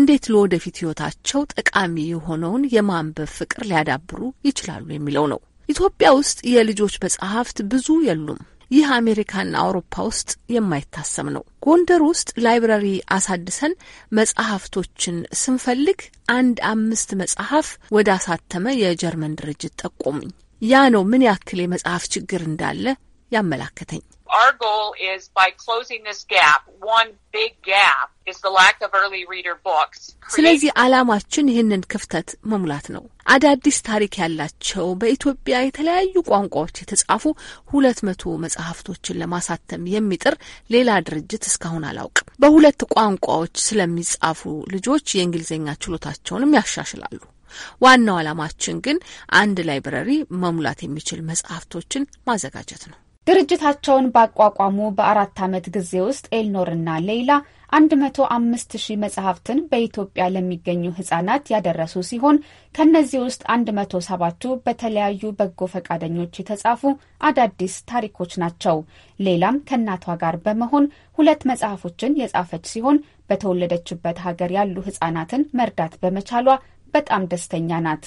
እንዴት ለወደፊት ሕይወታቸው ጠቃሚ የሆነውን የማንበብ ፍቅር ሊያዳብሩ ይችላሉ የሚለው ነው። ኢትዮጵያ ውስጥ የልጆች መጽሐፍት ብዙ የሉም። ይህ አሜሪካና አውሮፓ ውስጥ የማይታሰብ ነው። ጎንደር ውስጥ ላይብረሪ አሳድሰን መጽሐፍቶችን ስንፈልግ አንድ አምስት መጽሐፍ ወደ አሳተመ የጀርመን ድርጅት ጠቆሙኝ። ያ ነው ምን ያክል የመጽሐፍ ችግር እንዳለ ያመላከተኝ። Our goal is by closing this gap, one big gap, ስለዚህ ዓላማችን ይህንን ክፍተት መሙላት ነው። አዳዲስ ታሪክ ያላቸው በኢትዮጵያ የተለያዩ ቋንቋዎች የተጻፉ ሁለት መቶ መጽሐፍቶችን ለማሳተም የሚጥር ሌላ ድርጅት እስካሁን አላውቅም። በሁለት ቋንቋዎች ስለሚጻፉ ልጆች የእንግሊዝኛ ችሎታቸውንም ያሻሽላሉ። ዋናው ዓላማችን ግን አንድ ላይብረሪ መሙላት የሚችል መጽሐፍቶችን ማዘጋጀት ነው። ድርጅታቸውን ባቋቋሙ በአራት ዓመት ጊዜ ውስጥ ኤልኖርና ሌይላ 105 ሺህ መጽሐፍትን በኢትዮጵያ ለሚገኙ ህጻናት ያደረሱ ሲሆን ከእነዚህ ውስጥ 107ቱ በተለያዩ በጎ ፈቃደኞች የተጻፉ አዳዲስ ታሪኮች ናቸው። ሌላም ከእናቷ ጋር በመሆን ሁለት መጽሐፎችን የጻፈች ሲሆን በተወለደችበት ሀገር ያሉ ህጻናትን መርዳት በመቻሏ በጣም ደስተኛ ናት።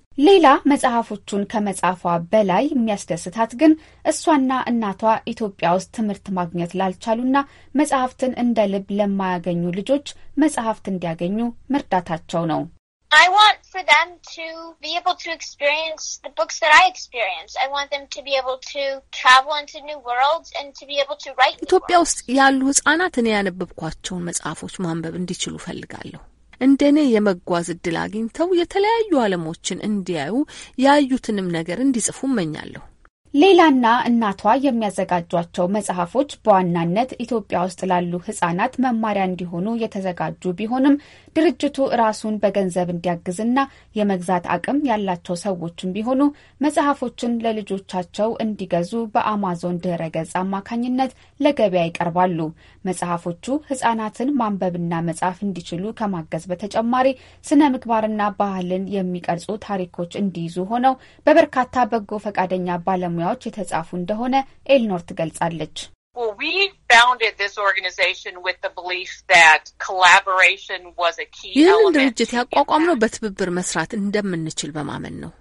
ሌላ መጽሐፎቹን ከመጻፏ በላይ የሚያስደስታት ግን እሷና እናቷ ኢትዮጵያ ውስጥ ትምህርት ማግኘት ላልቻሉና መጽሐፍትን እንደ ልብ ለማያገኙ ልጆች መጽሐፍት እንዲያገኙ መርዳታቸው ነው። ኢትዮጵያ ውስጥ ያሉ ህጻናት እኔ ያነበብኳቸውን መጽሐፎች ማንበብ እንዲችሉ ፈልጋለሁ። እንደኔ የመጓዝ እድል አግኝተው የተለያዩ ዓለሞችን እንዲያዩ ያዩትንም ነገር እንዲጽፉ እመኛለሁ። ሌላና እናቷ የሚያዘጋጇቸው መጽሐፎች በዋናነት ኢትዮጵያ ውስጥ ላሉ ህጻናት መማሪያ እንዲሆኑ የተዘጋጁ ቢሆንም ድርጅቱ ራሱን በገንዘብ እንዲያግዝና የመግዛት አቅም ያላቸው ሰዎችም ቢሆኑ መጽሐፎችን ለልጆቻቸው እንዲገዙ በአማዞን ድህረ ገጽ አማካኝነት ለገበያ ይቀርባሉ። መጽሐፎቹ ህጻናትን ማንበብና መጻፍ እንዲችሉ ከማገዝ በተጨማሪ ስነ ምግባርና ባህልን የሚቀርጹ ታሪኮች እንዲይዙ ሆነው በበርካታ በጎ ፈቃደኛ ባለሙያዎች የተጻፉ እንደሆነ ኤልኖር ትገልጻለች። Well, we ይህንን ድርጅት ያቋቋምነው በትብብር መስራት እንደምንችል በማመን ነው።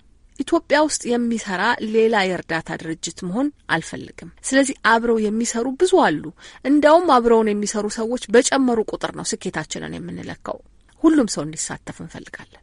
ኢትዮጵያ ውስጥ የሚሰራ ሌላ የእርዳታ ድርጅት መሆን አልፈልግም። ስለዚህ አብረው የሚሰሩ ብዙ አሉ። እንዲያውም አብረውን የሚሰሩ ሰዎች በጨመሩ ቁጥር ነው ስኬታችንን የምንለካው። ሁሉም ሰው እንዲሳተፍ እንፈልጋለን።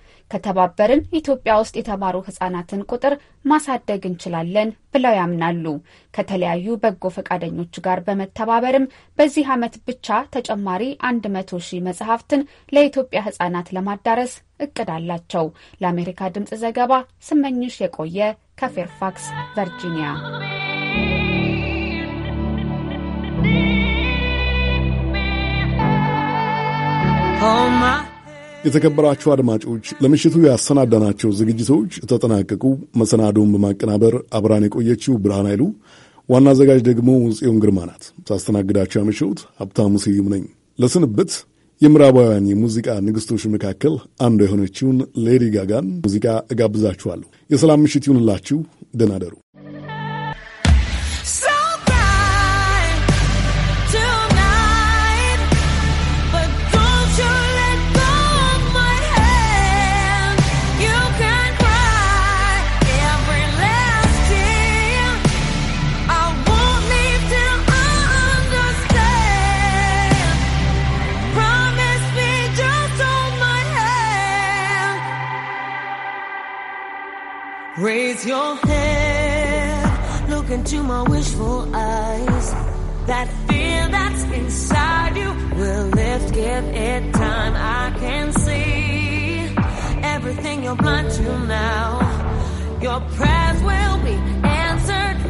ከተባበርን ኢትዮጵያ ውስጥ የተማሩ ህጻናትን ቁጥር ማሳደግ እንችላለን ብለው ያምናሉ። ከተለያዩ በጎ ፈቃደኞች ጋር በመተባበርም በዚህ ዓመት ብቻ ተጨማሪ 100 ሺህ መጽሐፍትን ለኢትዮጵያ ህጻናት ለማዳረስ እቅድ አላቸው። ለአሜሪካ ድምፅ ዘገባ ስመኝሽ የቆየ ከፌርፋክስ ቨርጂኒያ። Oh my የተከበራችሁ አድማጮች ለምሽቱ ያሰናዳናቸው ዝግጅቶች ተጠናቀቁ። መሰናዶውን በማቀናበር አብራን የቆየችው ብርሃን አይሉ፣ ዋና አዘጋጅ ደግሞ ጽዮን ግርማ ናት። ሳስተናግዳቸው ያመሸሁት ሀብታሙ ስዩም ነኝ። ለስንብት የምዕራባውያን የሙዚቃ ንግሥቶች መካከል አንዷ የሆነችውን ሌዲ ጋጋን ሙዚቃ እጋብዛችኋለሁ። የሰላም ምሽት ይሁንላችሁ። ደናደሩ ደሩ። Raise your head, look into my wishful eyes. That fear that's inside you will lift, give it time. I can see everything you're blind to now. Your prayers will be